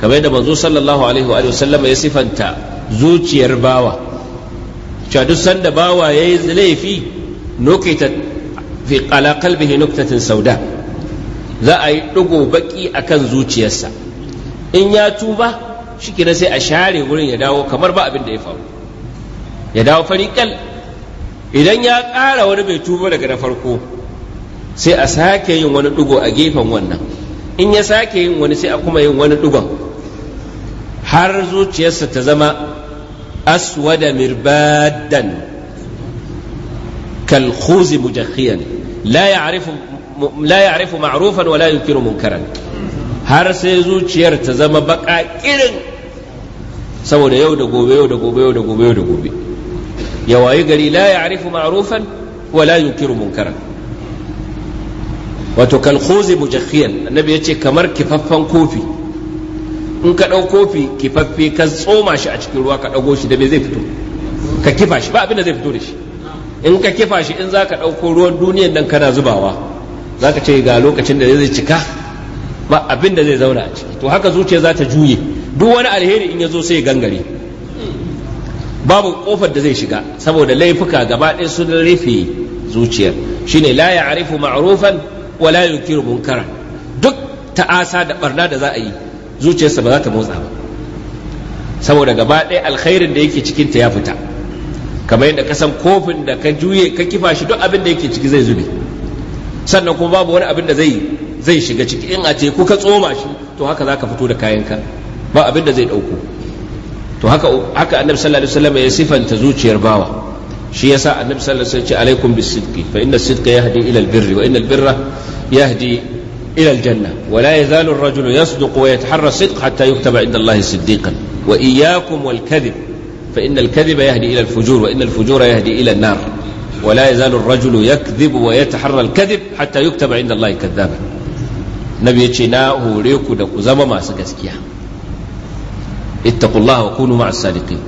kamar yadda manzo sallallahu alaihi wa sallam ya sifanta zuciyar bawa cewa duk sanda bawa ya yi laifi nukita fi ala qalbihi nuktatin sauda za a yi digo baki akan zuciyarsa in ya tuba shi shikenan sai a share wurin ya dawo kamar ba abin da ya faru ya dawo fariƙal idan ya ƙara wani bai tuba daga na farko sai a sake yin wani digo a gefen wannan in ya sake yin wani sai a kuma yin wani digon har zuciyarsa ta zama aswada mirbadan kalkhuzi mujakhiyan la ya'rifu la ya'rifu ma'rufan wa la yunkiru munkaran har sai zuciyar ta zama baka irin saboda yau da gobe yau da gobe yau da gobe yau da gobe ya wayi gari la ya'rifu ma'rufan wa la yunkiru munkaran wato kalkhuzi mujakhiyan annabi yace kamar kifaffan kofi in ka ɗau kofi kifaffe ka tsoma shi a cikin ruwa ka ɗago shi da me zai fito ka kifa shi ba abin zai fito da shi in ka kifa shi in za ka ɗauko ruwan duniyan nan kana zubawa za ka ce ga lokacin da zai cika ba abin zai zauna a ciki to haka zuciya za ta juye duk wani alheri in ya zo sai gangare babu kofar da zai shiga saboda laifuka gaba ɗaya sun rufe zuciyar shine la ya'rifu ma'rufan wa yunkiru munkara duk ta'asa da barna da za a yi zuciyarsa ba za ta motsa ba saboda gaba ɗaya alkhairin da yake cikin ta ya fita kamar yadda kasan kofin da ka juye ka kifa shi duk abin da yake ciki zai zube sannan kuma babu wani abin da zai zai shiga ciki in a ce ka tsoma shi to haka za ka fito da kayanka ba abin da zai ɗauko to haka haka annabi sallallahu alaihi wasallam ya sifanta zuciyar bawa shi yasa annabi sallallahu alaihi wasallam ya ce alaikum bisidqi fa inna sidqa yahdi ila albirri wa inna albirra yahdi إلى الجنة ولا يزال الرجل يصدق ويتحرى الصدق حتى يكتب عند الله صديقا وإياكم والكذب فإن الكذب يهدي إلى الفجور وإن الفجور يهدي إلى النار ولا يزال الرجل يكذب ويتحرى الكذب حتى يكتب عند الله كذابا نبي يتشينا هوريكو دكو ما سكسكيا اتقوا الله وكونوا مع الصادقين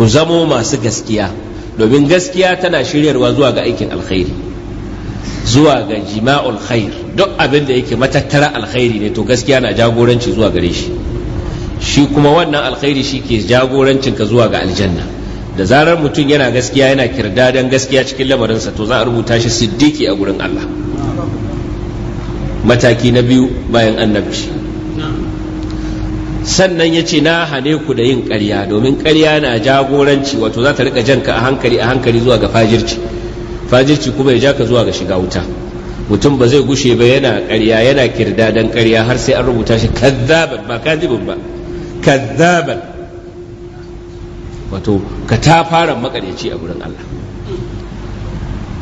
كزمو ما سكسكيا لو من tana shiryarwa zuwa ga الخيري zuwa ga jima'ul khair duk abin da yake matattara alkhairi ne to gaskiya na jagoranci zuwa gare shi shi kuma wannan alkhairi shi ke jagorancin ka zuwa ga aljanna da zarar mutum yana gaskiya yana kirda don gaskiya cikin lamarinsa to za a rubuta shi siddiki a gurin Allah mataki na biyu bayan annabci sannan ya ce na hane ku da yin ƙarya domin ƙarya na jagoranci wato za ta rika janka a hankali a hankali zuwa ga fajirci fajirci kuma ya ja ka zuwa ga shiga wuta mutum ba zai gushe ba yana ƙarya yana kirda dan ƙarya har sai an rubuta shi kazzaban ba kazibin ba kazzaban wato ka ta fara makaryaci a gurin Allah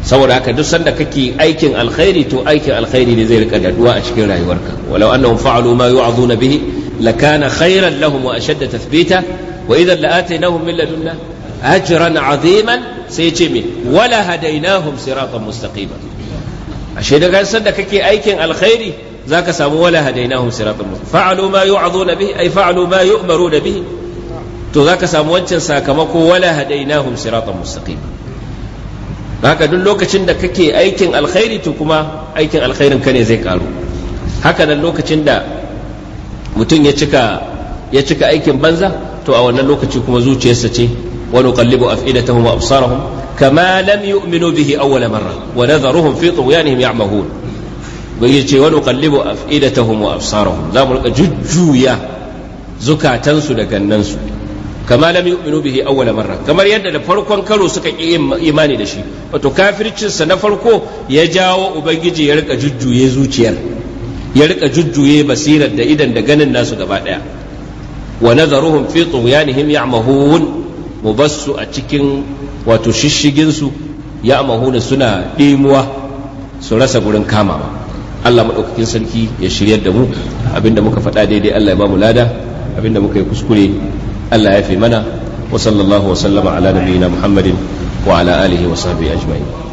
saboda haka duk sanda kake aikin alkhairi to aikin alkhairi ne zai rika daduwa a cikin rayuwarka walau annahum fa'alu ma yu'azuna bihi lakana khairan lahum wa ashadda tathbita wa idhan la'atainahum min ladunna ajran aziman sai ce me wala hadainahum siratan mustaqima ashe daga sanda kake aikin alkhairi zaka samu wala hadainahum siratan mustaqima fa'alu ma yu'aduna bihi ay fa'alu ma yu'maruna bihi to zaka samu wancan sakamako wala hadainahum siratan mustaqima haka duk lokacin da kake aikin alkhairi to kuma aikin alkhairin ka ne zai karu hakanan nan lokacin da mutum ya cika ya cika aikin banza to a wannan lokaci kuma zuciyarsa ce ونقلب أفئدتهم وأبصارهم كما لم يؤمنوا به أول مرة ونذرهم في طغيانهم يعمهون ويجي ونقلب أفئدتهم وأبصارهم زامر ججويا زكاة سدك الننس كما لم يؤمنوا به أول مرة كما يند لفرقون كرو سكا إيماني دشي وتكافر تشنس نفرقو يجاو أبنجي يرك ججو يزوتير يرك ججو يبصير دا إذن دا جنن الناس دبا wa nazaruhum fi tughyanihim ya'mahun mu su a cikin wato shishiginsu ya mahuna suna ɗimuwa su rasa gurin kamawa Allah maɗaukakin sarki ya shiryar da mu abinda muka faɗa daidai Allah ya ba mu lada abinda muka yi kuskure Allah ya fi mana wa sallallahu wa sallama ala nabiyina Muhammadin wa ala alihi wa sahbihi ajma'in